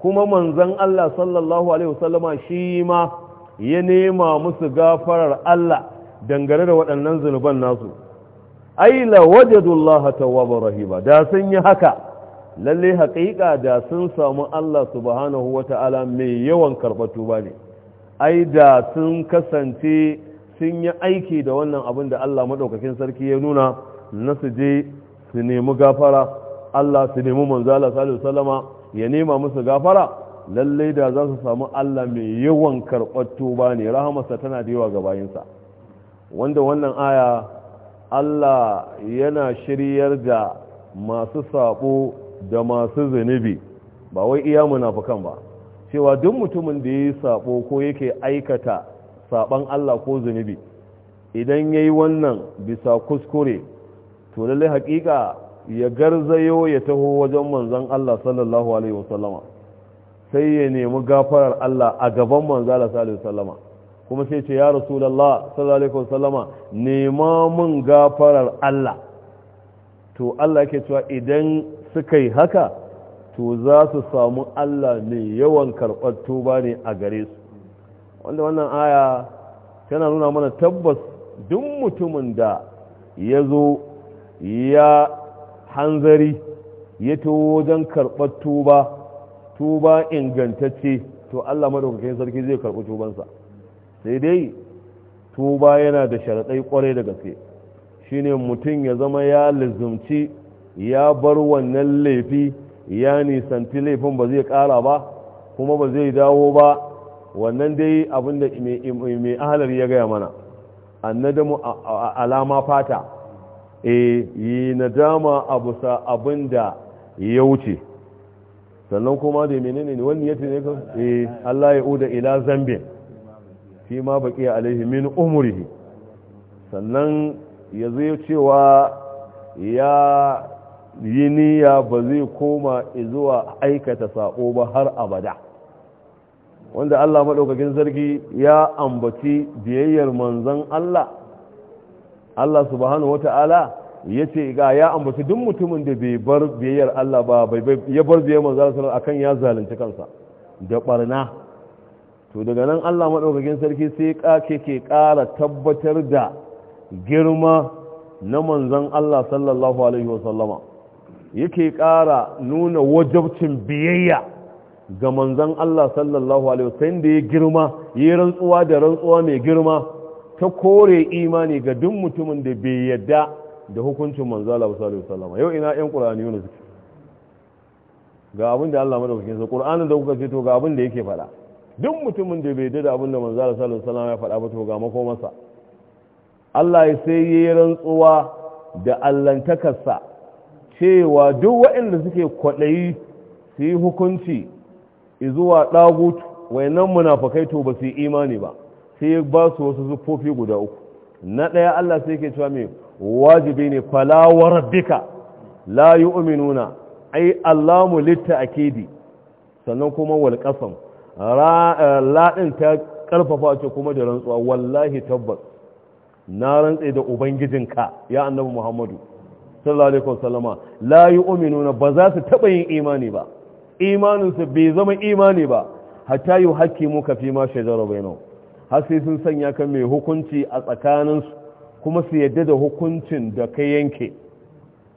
kuma manzon Allah sallallahu alaihi wasallama shi ma ya nema musu gafarar Allah dangane da waɗannan zunuban nasu ai la wajadullah tawwabar rahima da sun yi haka lalle haƙiƙa da sun samu Allah subhanahu wata'ala mai yawan karɓatu tuba ne ai da sun kasance sun yi aiki da wannan abin da Allah maɗaukakin sarki ya nuna na su je su nemi gafara Allah su nemi manzala salisu salama ya nema musu gafara lallai da za su samu Allah mai yawan karɓar tuba ne rahamarsa tana da yawa ga bayinsa wanda wannan aya Allah yana shiryar da masu saɓo da masu zunubi ba wai iya munafukan ba cewa duk mutumin da ya yi sabo ko yake aikata saban Allah ko zunubi idan ya yi wannan bisa kuskure to lallai hakika ya garzayo ya taho wajen manzon Allah sallallahu alaihi wasallama sai ya nemi gafarar Allah a gaban manzon Allah sallallahu alaihi wasallama kuma sai ce ya rasulullah sallallahu alaihi wasallama nema mun gafarar Allah to Allah yake cewa idan suka yi haka to za su samu Allah ne yawan karɓar tuba ne a gare su wanda wannan aya tana nuna mana tabbas duk mutumin da ya zo ya hanzari ya towo wajen karɓar tuba tuba ingantacce to Allah madaukakin sarki zai karɓi tubansa sai dai tuba yana da sharaɗai ƙwarai da gaske shine mutum ya zama ya lizumci ya bar wannan laifi ya nisanti laifin ba zai ƙara ba kuma ba zai dawo ba wannan dai abin da mai ahalar ya gaya mana annadamu alama fata e yi nadama a busa abin da ya wuce sannan kuma da menene ne wani yace ne kan E! Allah ya uda ila zambin fi ma baqiya alaihi min umrihi sannan yazo cewa ya yi niyya ba zai koma zuwa aikata saƙo ba har abada wanda Allah maɗaukakin sarki ya ambaci biyayyar manzan Allah Allah subhanahu wata'ala ya ce ga ya ambaci duk mutumin da bai bar biyayyar Allah ba ya bar biyayyar manzan Allah kan ya zalunci kansa da ɓarna to daga nan Allah maɗaukakin sarki sai ƙake ke ƙara tabbatar da girma na manzan Allah sallallahu alaihi wasallama yake ƙara nuna wajabcin biyayya ga manzan Allah sallallahu alaihi wasallam da ya girma ya rantsuwa da rantsuwa mai girma ta kore imani ga duk mutumin da bai yadda da hukuncin manzan Allah sallallahu alaihi wasallam yau ina yan Qur'ani ne suke ga abin da Allah madaukakin sa Qur'anin da kuka ce to ga abin da yake faɗa duk mutumin da bai dada abin da manzan Allah sallallahu alaihi wasallam ya faɗa ba to ga makomarsa Allah ya sai yayi rantsuwa da allantakarsa cewa duk waɗanda suke kwaɗayi su yi hukunci zuwa ɗagutu nan munafakai to ba su yi imani ba sai ba su wasu zuffofi guda uku na ɗaya Allah sai ke cewa mai wajibi ne falawar duka la yi uminuna ai allamu litta akidi sannan kuma walƙasan. Eh, laɗin ta ƙarfafa ce kuma da rantsuwa wallahi tabbas na rantse da ubangijinka ya annabi muhammadu sallallahu alaihi wasallama la yu'minuna ba za su taba yin imani ba imanin su bai zama imani ba hatta yuhakimu ka fi ma shajara bainahum har sai sun sanya kan mai hukunci a tsakanin su kuma su yadda da hukuncin da kai yanke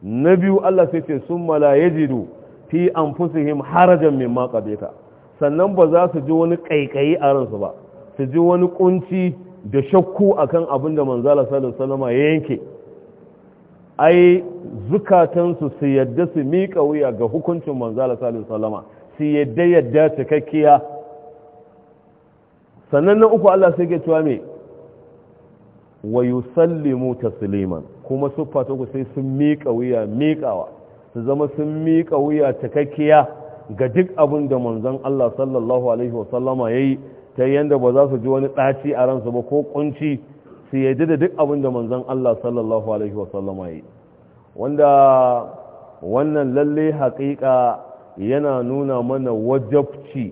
na biyu Allah sai ce sun malaya yajidu fi anfusihim harajan mimma qadaita sannan ba za su ji wani kaikayi a ransu ba su ji wani kunci da shakku akan abin da manzala sallallahu alaihi wasallama ya yanke ai zukatansu su yadda su miƙa wuya ga hukuncin manzala salim salama su yadda yadda cikakkiya sannan na uku Allah sai ke cewa mai wa ta tasliman kuma fata ku sai sun miƙa wuya miƙawa su zama sun miƙa wuya cikakkiya ga duk abin da manzan Allah sallallahu alaihi wasallama yi ta yanda ba za su ji wani ɗaci a ransu ba ko ƙunci. su yadda da duk abin da manzon Allah sallallahu alaihi wasallama yi wanda wannan lalle haƙiƙa yana nuna mana wajabci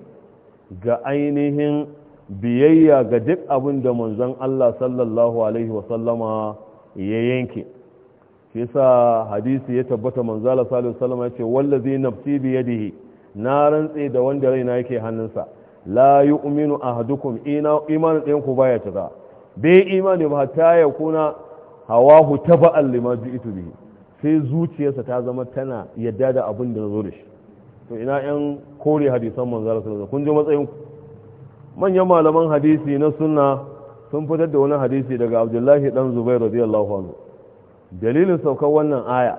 ga ainihin biyayya ga duk abin da manzon Allah sallallahu alaihi wasallama ya yanke shi sa hadisi ya tabbata manzon Allah sallallahu alaihi wasallama ya ce wallazi nafsi bi yadihi na rantse da wanda raina yake hannunsa la yu'minu ahadukum ina imanin ɗayan ku baya cika bai imani ba ta ya kuna ta ba'al lima ito bihi sai zuciyarsa ta zama tana yadda da abin da zo da shi to ina yan kore hadisan manzo Allah sallallahu kun ji matsayin manyan malaman hadisi na suna sun fitar da wani hadisi daga Abdullahi dan Zubair radiyallahu anhu dalilin saukar wannan aya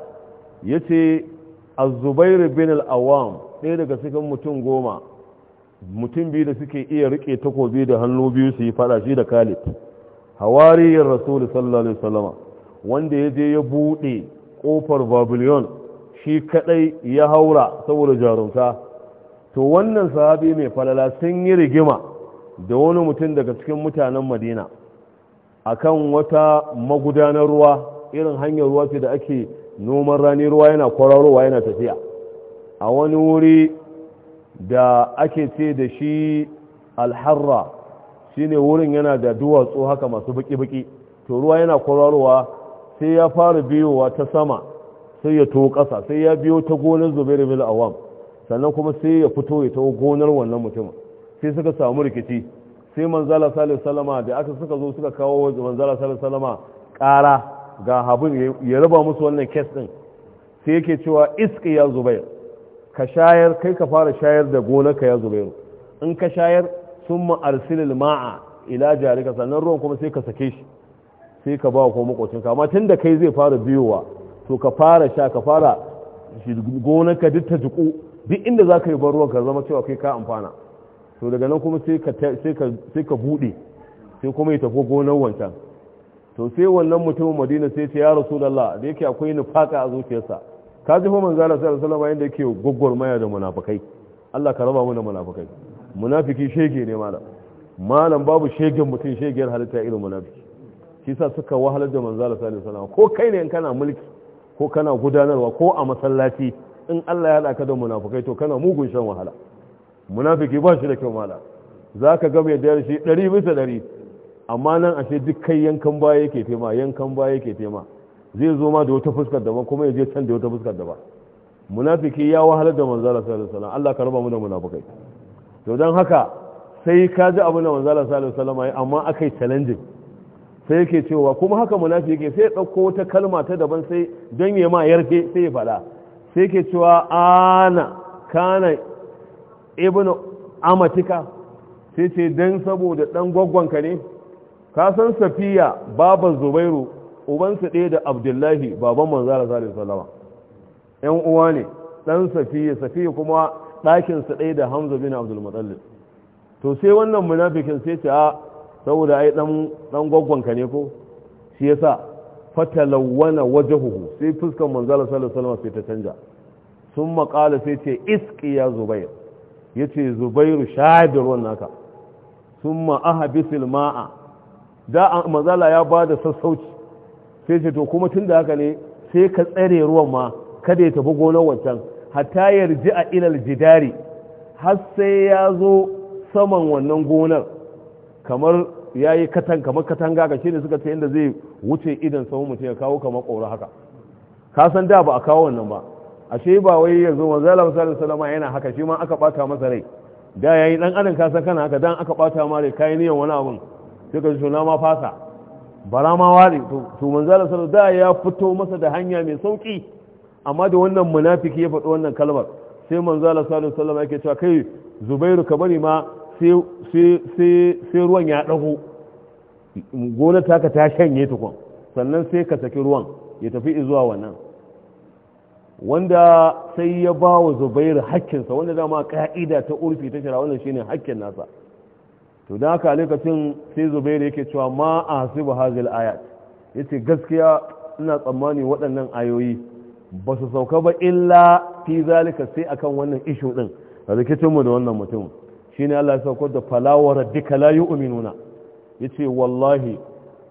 yace Az-Zubair bin al-Awwam ɗaya daga cikin mutum goma mutum biyu da suke iya rike takobi da hannu biyu su yi fada shi da Khalid hawariyar rasul sallallahu alaihi wasallam wanda ya je ya bude kofar babylon shi kadai ya haura saboda jarumta to wannan sahabi mai falala sun yi rigima da wani mutum daga cikin mutanen madina akan wata magudanar ruwa irin hanyar ruwa ce da ake noman rani ruwa yana kwararowa yana tafiya a wani wuri da ake ce da shi alharra shine wurin yana da duwatsu haka masu baki-baki to ruwa yana kwararowa sai ya fara biyowa ta sama sai ya to ƙasa sai ya biyo ta gonar zubairu bil awam sannan kuma sai ya fito ya ta gonar wannan mutumin sai suka samu rikici sai manzala salihu salama da aka suka zo suka kawo manzala salihu salama ƙara ga habin ya raba musu wannan kes ɗin sai yake cewa iski ya zubair ka shayar kai ka fara shayar da gonarka ya zubairu in ka shayar summa arsilil ma'a ila jarika sannan ruwan kuma sai ka sake shi sai ka ba ko ka amma tunda kai zai fara biyowa to ka fara sha ka fara ka duk ta jiku duk inda za ka yi ban ruwan ka zama cewa kai ka amfana to daga nan kuma sai ka buɗe sai kuma ya tafi gonar wancan to sai wannan mutumin madina sai ce ya rasu da da yake akwai nufaka a zuciyarsa ka ji fa manzara sallallahu alaihi wasallam yanda yake gogor maya da munafikai Allah ka raba mu da munafikai munafiki shege ne malam malam babu shegen mutum shegiyar halitta irin munafiki shi sa suka wahalar da manzala sallallahu alaihi ko kai ne in kana mulki ko kana gudanarwa ko a masallaci in Allah ya haɗa da munafikai to kana mugun shan wahala munafiki ba shi da kyau malam zaka ga mai da shi ɗari bisa ɗari amma nan ashe duk kai yankan baya yake tema yankan baya yake tema zai zo ma da wata fuskar daban kuma ya je can da wata fuskar daban munafiki ya wahalar da manzala sallallahu alaihi wasallam Allah ka raba mu da munafikai to don haka sai ka ji abin da manzala sallallahu salama ya amma aka yi challenging sai yake cewa kuma haka munafi yake sai ya ɗauko wata kalma ta daban sai don ya ma yarke sai ya faɗa sai yake cewa ana kana ibn amatika sai ce don saboda ɗan gwaggwanka ne ka san safiya baban zubairu ubansa ɗaya da abdullahi baban manzala sallallahu salama yan uwa ne ɗan safiya safiya kuma sa ɗaya da hamza bin Abdul Muttalib to sai wannan munafikin sai ce a saboda ai dan dan ka ne ko shi yasa fatalawwana wajhuhu sai fuskar Allah sallallahu alaihi sai ta canja summa qala sai ce isqi ya zubair ya zubairu shahadar naka summa ahbisil ma'a da manzala ya bada sassauci sai ce to kuma tunda haka ne sai ka tsare ruwan ma kada ya tafi gonar wancan hatta yarji a ilal jidari har sai ya zo saman wannan gonar kamar ya yi katan kamar katanga ga shi ne suka ce inda zai wuce idan sau mutum ya kawo kamar ƙora haka ka san da ba a kawo wannan ba ashe ba wai yanzu manzala misalin salama yana haka shi ma aka bata masa rai da yayi dan adam ka san kana haka dan aka bata ma rai kai niyan wani abun sai ka shuna ma fasa bara ma wari to manzala sallallahu da ya fito masa da hanya mai sauki amma da wannan munafiki ya faɗi wannan kalmar sai manzo Allah sallallahu alaihi wasallam yake cewa kai Zubairu ka bari ma sai sai ruwan ya dago gona taka ta shanye tukun sannan sai ka saki ruwan ya tafi zuwa wannan wanda sai ya ba wa Zubairu hakkinsa wanda dama ka'ida ta urfi ta shara wannan shine hakkin nasa to da haka lokacin sai Zubairu yake cewa ma ahsibu hazil ayat yace gaskiya ina tsammani waɗannan ayoyi ba su sauka ba illa fi zalika sai akan wannan ishu din mu da wannan mutum shine Allah ya sauko da falawar duka la yu'minuna yace wallahi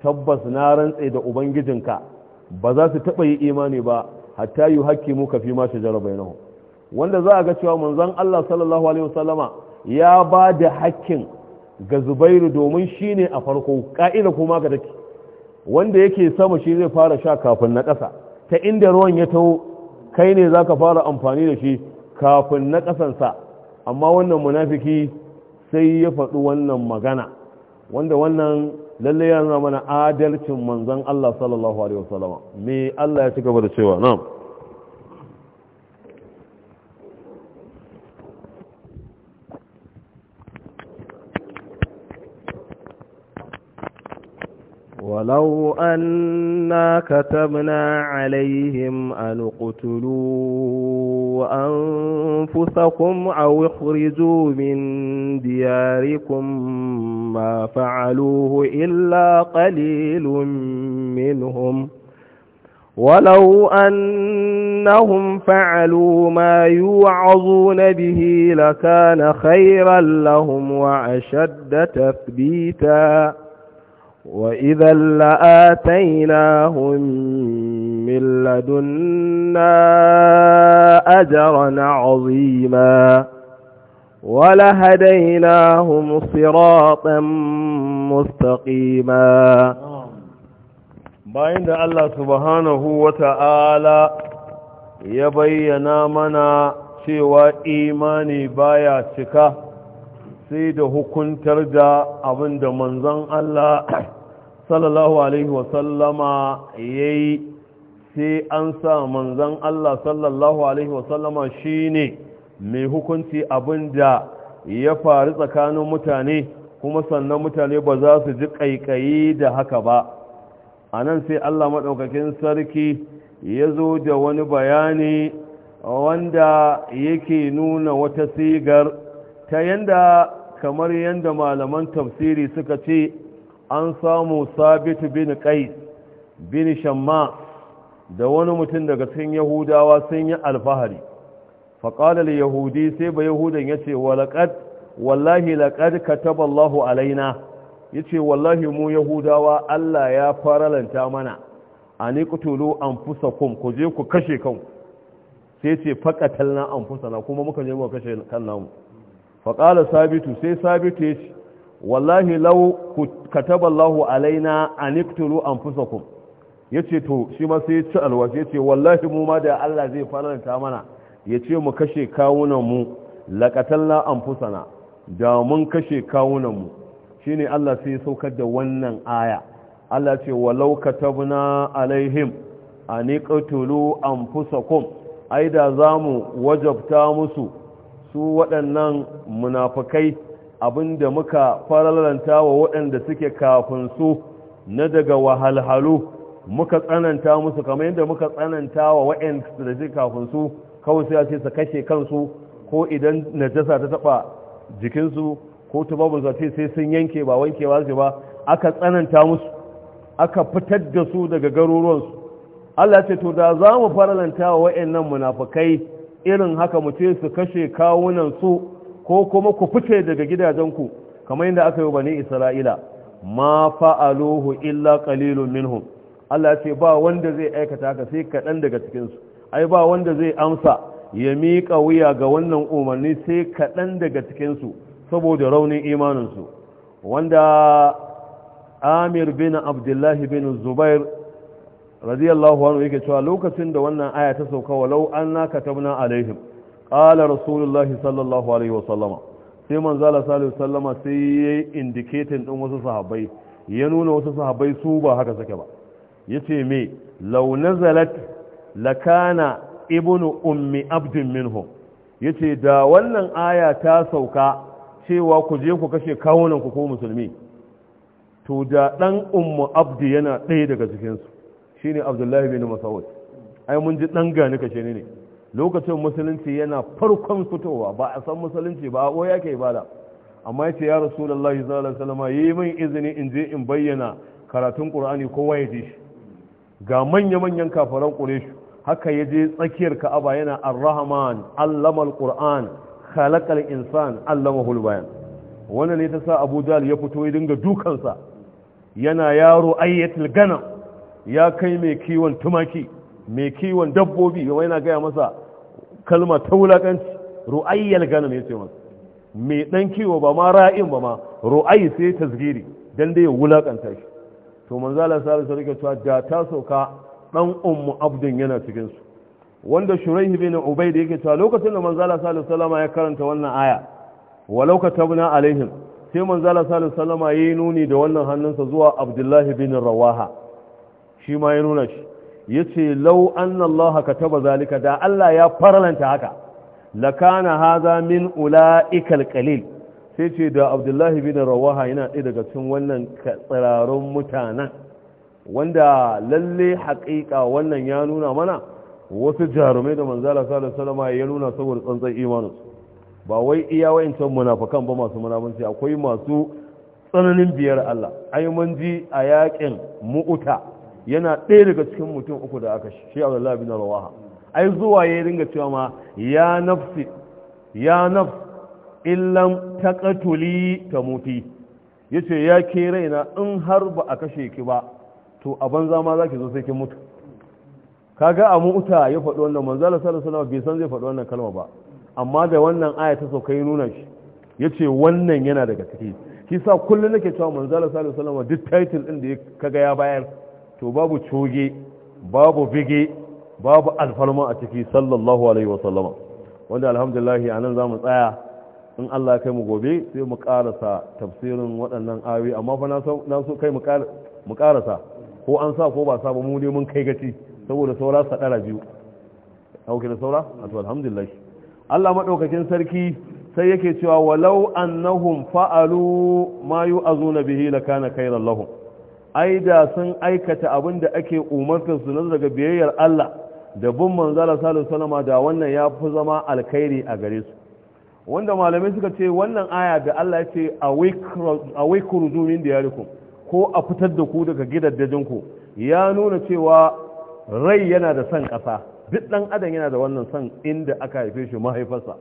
tabbas na rantse da ubangijinka ba za su taba yi imani ba hatta yu hakimu ka fi ma jarabai na wanda za a ga cewa manzon Allah sallallahu alaihi wasallama ya ba da hakkin ga Zubairu domin shine a farko ka'ida kuma ga take wanda yake sama shi zai fara sha kafin na ƙasa ta inda ruwan ya taho kai ne za ka fara amfani da shi kafin na ƙasansa amma wannan munafiki sai ya faɗi wannan magana wanda wannan lalle ya nuna mana adalcin manzon Allah sallallahu alaihi wasallam me Allah ya ci gaba da cewa na'am ولو أنا كتبنا عليهم أن اقتلوا أنفسكم أو اخرجوا من دياركم ما فعلوه إلا قليل منهم ولو أنهم فعلوا ما يوعظون به لكان خيرا لهم وأشد تثبيتاً وإذا لآتيناهم من لدنا أجرا عظيما ولهديناهم صراطا مستقيما باين ده الله سبحانه وتعالى يبين منا cewa imani baya cika sai da hukuntar da abin da manzon Allah sallallahu alaihi wasallama ya yi sai an sa manzon Allah sallallahu alaihi wasallama shi ne mai hukunci abin da ya faru tsakanin mutane kuma sannan mutane ba za su ji ƙaiƙayi da haka ba anan sai Allah maɗaukakin sarki ya zo da wani bayani wanda yake nuna wata sigar ta yanda kamar yanda malaman tafsiri suka ce an samu sabitu bin qais bin shamma da wani mutum daga cikin yahudawa sun yi alfahari faƙalar yahudi sai ba yahudan ya ce wallahi laƙad kataba Allahu alaina ya ce wallahi mu yahudawa Allah ya faralanta mana a ni kutulu an fusa kun ku je ku kashe kanku sai ce faƙatal na an fusa na kuma muka je muka kashe kan namu faƙalar sabitu sai sabitu ya ce wallahi lau Allahu alaina aniktulu anfusakum yace to shi ma sai ya ci alwaje yace wallahi mu ma da Allah zai faranta mana yace mu kashe kawunan mu laqatalna anfusana da mun kashe kawunan mu shine Allah sai ya saukar da wannan aya Allah ce walau katabna alaihim aniqtulu anfusakum ai da zamu wajabta musu su waɗannan munafikai abinda muka faralanta wa waɗanda suke kafin su na daga wahalhalu muka tsananta musu kamar yadda muka tsananta wa waɗanda da suke kafin su kawai sai su kashe kansu ko idan najasa ta taɓa jikinsu ko ta babu zafi sai sun yanke ba wankewa ba ba aka tsananta musu aka fitar da su daga garuruwansu Allah ce to da za mu faralanta wa waɗannan munafukai irin haka mu ce su kashe kawunan su ko kuma ku fice daga gidajenku kamar yadda aka yi bani isra'ila ma fa'aluhu illa qalilun minhum Allah ce ba wanda zai aikata haka sai kaɗan daga cikinsu ai ba wanda zai amsa ya mika wuya ga wannan umarni sai kaɗan daga cikinsu saboda raunin imaninsu wanda amir bin abdullahi bin zubair radiyallahu anhu yake cewa lokacin da wannan aya ta sauka walau an na katabna alaihim Ƙala rasulullahi sallallahu alaihi wa sallama sai manzala sallallahu alaihi wa sallama sai yayi indiketin ɗin wasu sahabai ya nuna wasu sahabai su ba haka suke ba yace me law nazalat lakana ibnu ummi abdin minhum yace da wannan aya ta sauka cewa ku je ku kashe kawunan ku ko musulmi to da dan ummu abdi yana ɗaya daga cikinsu shine abdullahi bin mas'ud ai mun ji dan gani kashe ne ne lokacin musulunci yana farkon fitowa ba a san musulunci ba a yake ke ibada amma ya ce ya rasulallah sallallahu alaihi wasallam yi min izini in je in bayyana karatun qur'ani kowa ya ji shi ga manya-manyan kafaran quraish haka ya je tsakiyar ka'aba yana arrahman rahman allama al-qur'an insan allamahu bayan wannan ne ta sa Abu Jahl ya fito ya dinga dukansa yana yaro ayyatul gana ya kai mai kiwon tumaki mai kiwon dabbobi yau yana gaya masa kalma ta wulakanci ru'ayyal ganam ya ce masa mai dan kiwo ba ma ra'in ba ma ru'ayi sai tasgiri don da ya wulakanta shi to Manzala Allah sallallahu alaihi wasallam da ta sauka dan ummu abdun yana cikinsu su wanda shuraihi bin da yake cewa lokacin da Manzala Allah sallallahu ya karanta wannan aya wa ta Buna alaihim sai Manzala Allah sallallahu ya yi nuni da wannan hannunsa zuwa abdullahi bin rawaha shi ma ya nuna shi yace lau anna Allah taba zalika da Allah ya farlanta haka lakana hadha min ula'ikal qalil sai ce da Abdullahi bin Rawaha yana ɗaya daga cikin wannan tsirarun mutanen wanda lalle haƙiƙa wannan ya nuna mana wasu jarumai da manzala sallallahu alaihi wasallam ya nuna saboda tsantsan imanu ba wai iya can munafikan ba masu munafunci akwai masu tsananin biyar Allah ai mun ji a yakin mu'uta yana ɗaya daga cikin mutum uku da aka shi a Abdullah na Rawaha ai zuwa ya ringa cewa ma ya nafsi ya nafs illam taqatuli ta yace ya ke raina in har ba a kashe ki ba to a banza ma zaki zo sai kin mutu kaga a mu'ta ya faɗi wannan manzala Allah sallallahu alaihi wasallam bai san zai faɗi wannan kalma ba amma da wannan aya ta sauka ya nuna shi yace wannan yana daga ciki shi sa kullun nake cewa manzala Allah sallallahu alaihi wasallam duk title din da kaga ya bayar to babu coge babu bige babu alfarma a ciki sallallahu alaihi wasallama wanda alhamdulillahi a nan za mu tsaya in Allah ya kai mu gobe sai mu karasa tafsirin waɗannan ayoyi amma fa na so kai mu karasa ko an sa ko ba sa ba mu ne mun kai gaci saboda saura sadara biyu Hauke da saura to alhamdulillah Allah madaukakin sarki sai yake cewa walau annahum fa'alu ma yu'azuna bihi lakana khairan lahum ai da sun aikata abin da ake umartar su na daga biyayyar Allah da bin manzala sallallahu salama da wannan ya fi zama alkhairi a gare su wanda malamai suka ce wannan aya da Allah ya ce a waikun zumin da riku ko a fitar da ku daga gidan ku ya nuna cewa rai yana da son ƙasa duk ɗan adam yana da wannan son inda aka haife shi mahaifarsa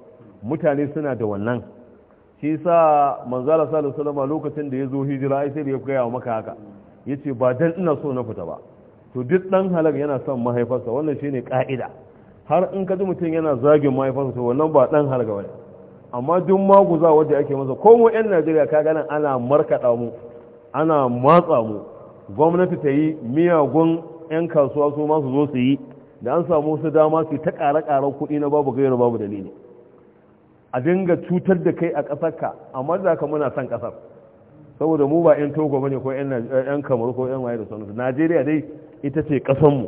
mutane suna da wannan shi sa manzala sallallahu salama lokacin da ya zo hijira ai sai da ya wa maka haka yace ba dan ina so na fita ba to duk dan halar yana son mahaifarsa wannan shi ne ka'ida har in ka ji mutum yana zagin mahaifarsa to wannan ba dan halar wani amma duk maguza wanda ake masa ko mu 'yan najeriya ka ganin ana markaɗa mu ana matsa mu gwamnati ta yi miyagun 'yan kasuwa su ma su zo su yi da an samu su dama su ta ƙara-ƙarar kuɗi na babu gaira babu dalili a dinga cutar da kai a ƙasarka amma da ka muna son ƙasar saboda mu ba 'yan togo bane ko 'yan kamar ko 'yan waye da sauransu najeriya dai ita ce kasanmu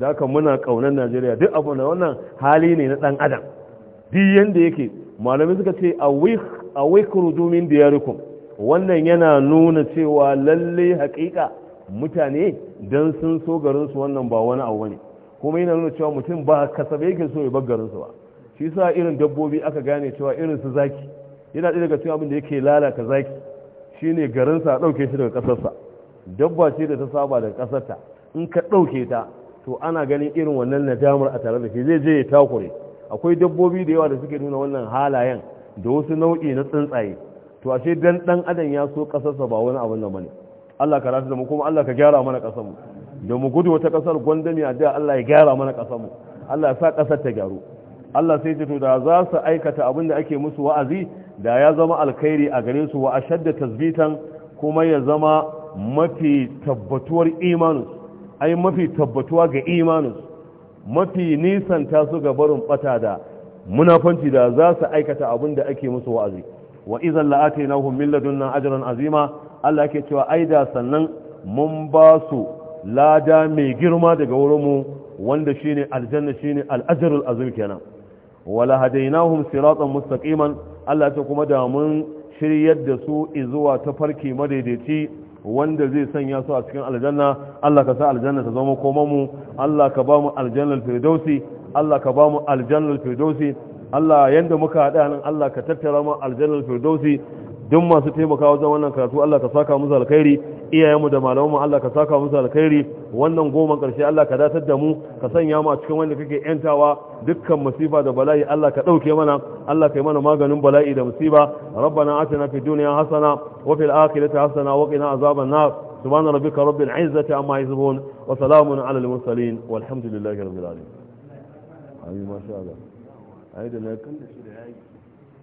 da haka muna kaunar najeriya duk abu na wannan hali ne na dan adam duk yanda yake malamai suka ce a wikuru rudumin diyarikum wannan yana nuna cewa lalle haƙiƙa mutane don sun so garinsu wannan ba wani abu ne kuma yana nuna cewa mutum ba kasabe yake so ya bar garinsu ba shi sa irin dabbobi aka gane cewa irin su zaki yana ɗaya daga cikin abin da yake lalata zaki shine garinsa a ɗauke shi daga ƙasarsa dabba ce da ta saba daga ƙasarta in ka ɗauke ta to ana ganin irin wannan nadamar a tare da shi zai je ya takure akwai dabbobi da yawa da suke nuna wannan halayen da wasu nau'i na tsuntsaye to ashe dan dan adam ya so ƙasarsa ba wani abin da bane Allah ka rasu da mu kuma Allah ka gyara mana ƙasar mu da mu gudu wata ƙasar gwandami a da Allah ya gyara mana ƙasar mu Allah ya sa ƙasar ta gyaru Allah sai ce to da za su aikata abin da ake musu wa'azi da ya zama alkhairi a gare su wa ashadda tasbitan kuma ya zama mafi tabbatuwar imanin ai mafi tabbatuwa ga imanin mafi nisanta su ga barin bata da munafanci da za su aikata abin da ake musu wa'azi wa idan na min ladunna ajran azima Allah yake cewa ai da sannan mun ba su lada mai girma daga wurinmu wanda shine aljanna shine al-ajrul azim kenan wala hadainahum siratan mustaqiman Allah ta kuma da mun shiryar da su izuwa ta farki madaidaici wanda zai sanya su a cikin aljanna Allah ka sa aljanna ta zama mu. Allah ka ba mu aljannal firdausi Allah ka ba mu aljannal firdausi Allah yanda muka haɗa nan Allah ka tattara mu aljannal firdausi duk masu taimakawa wajen wannan karatu Allah ka saka musu alkhairi iyayenmu da malamanmu Allah ka saka musu alkhairi wannan goman karshe Allah ka datar da mu ka sanya mu a cikin wanda kake yantawa dukkan musiba da bala'i Allah ka dauke mana Allah kai mana maganin bala'i da musiba rabbana atina fid dunya hasana wa fil akhirati hasana wa qina azaban nar subhana rabbika rabbil izzati amma yasifun wa salamun ala al mursalin walhamdulillahi rabbil alamin ayi masha Allah ayi da na kan da shi da yayi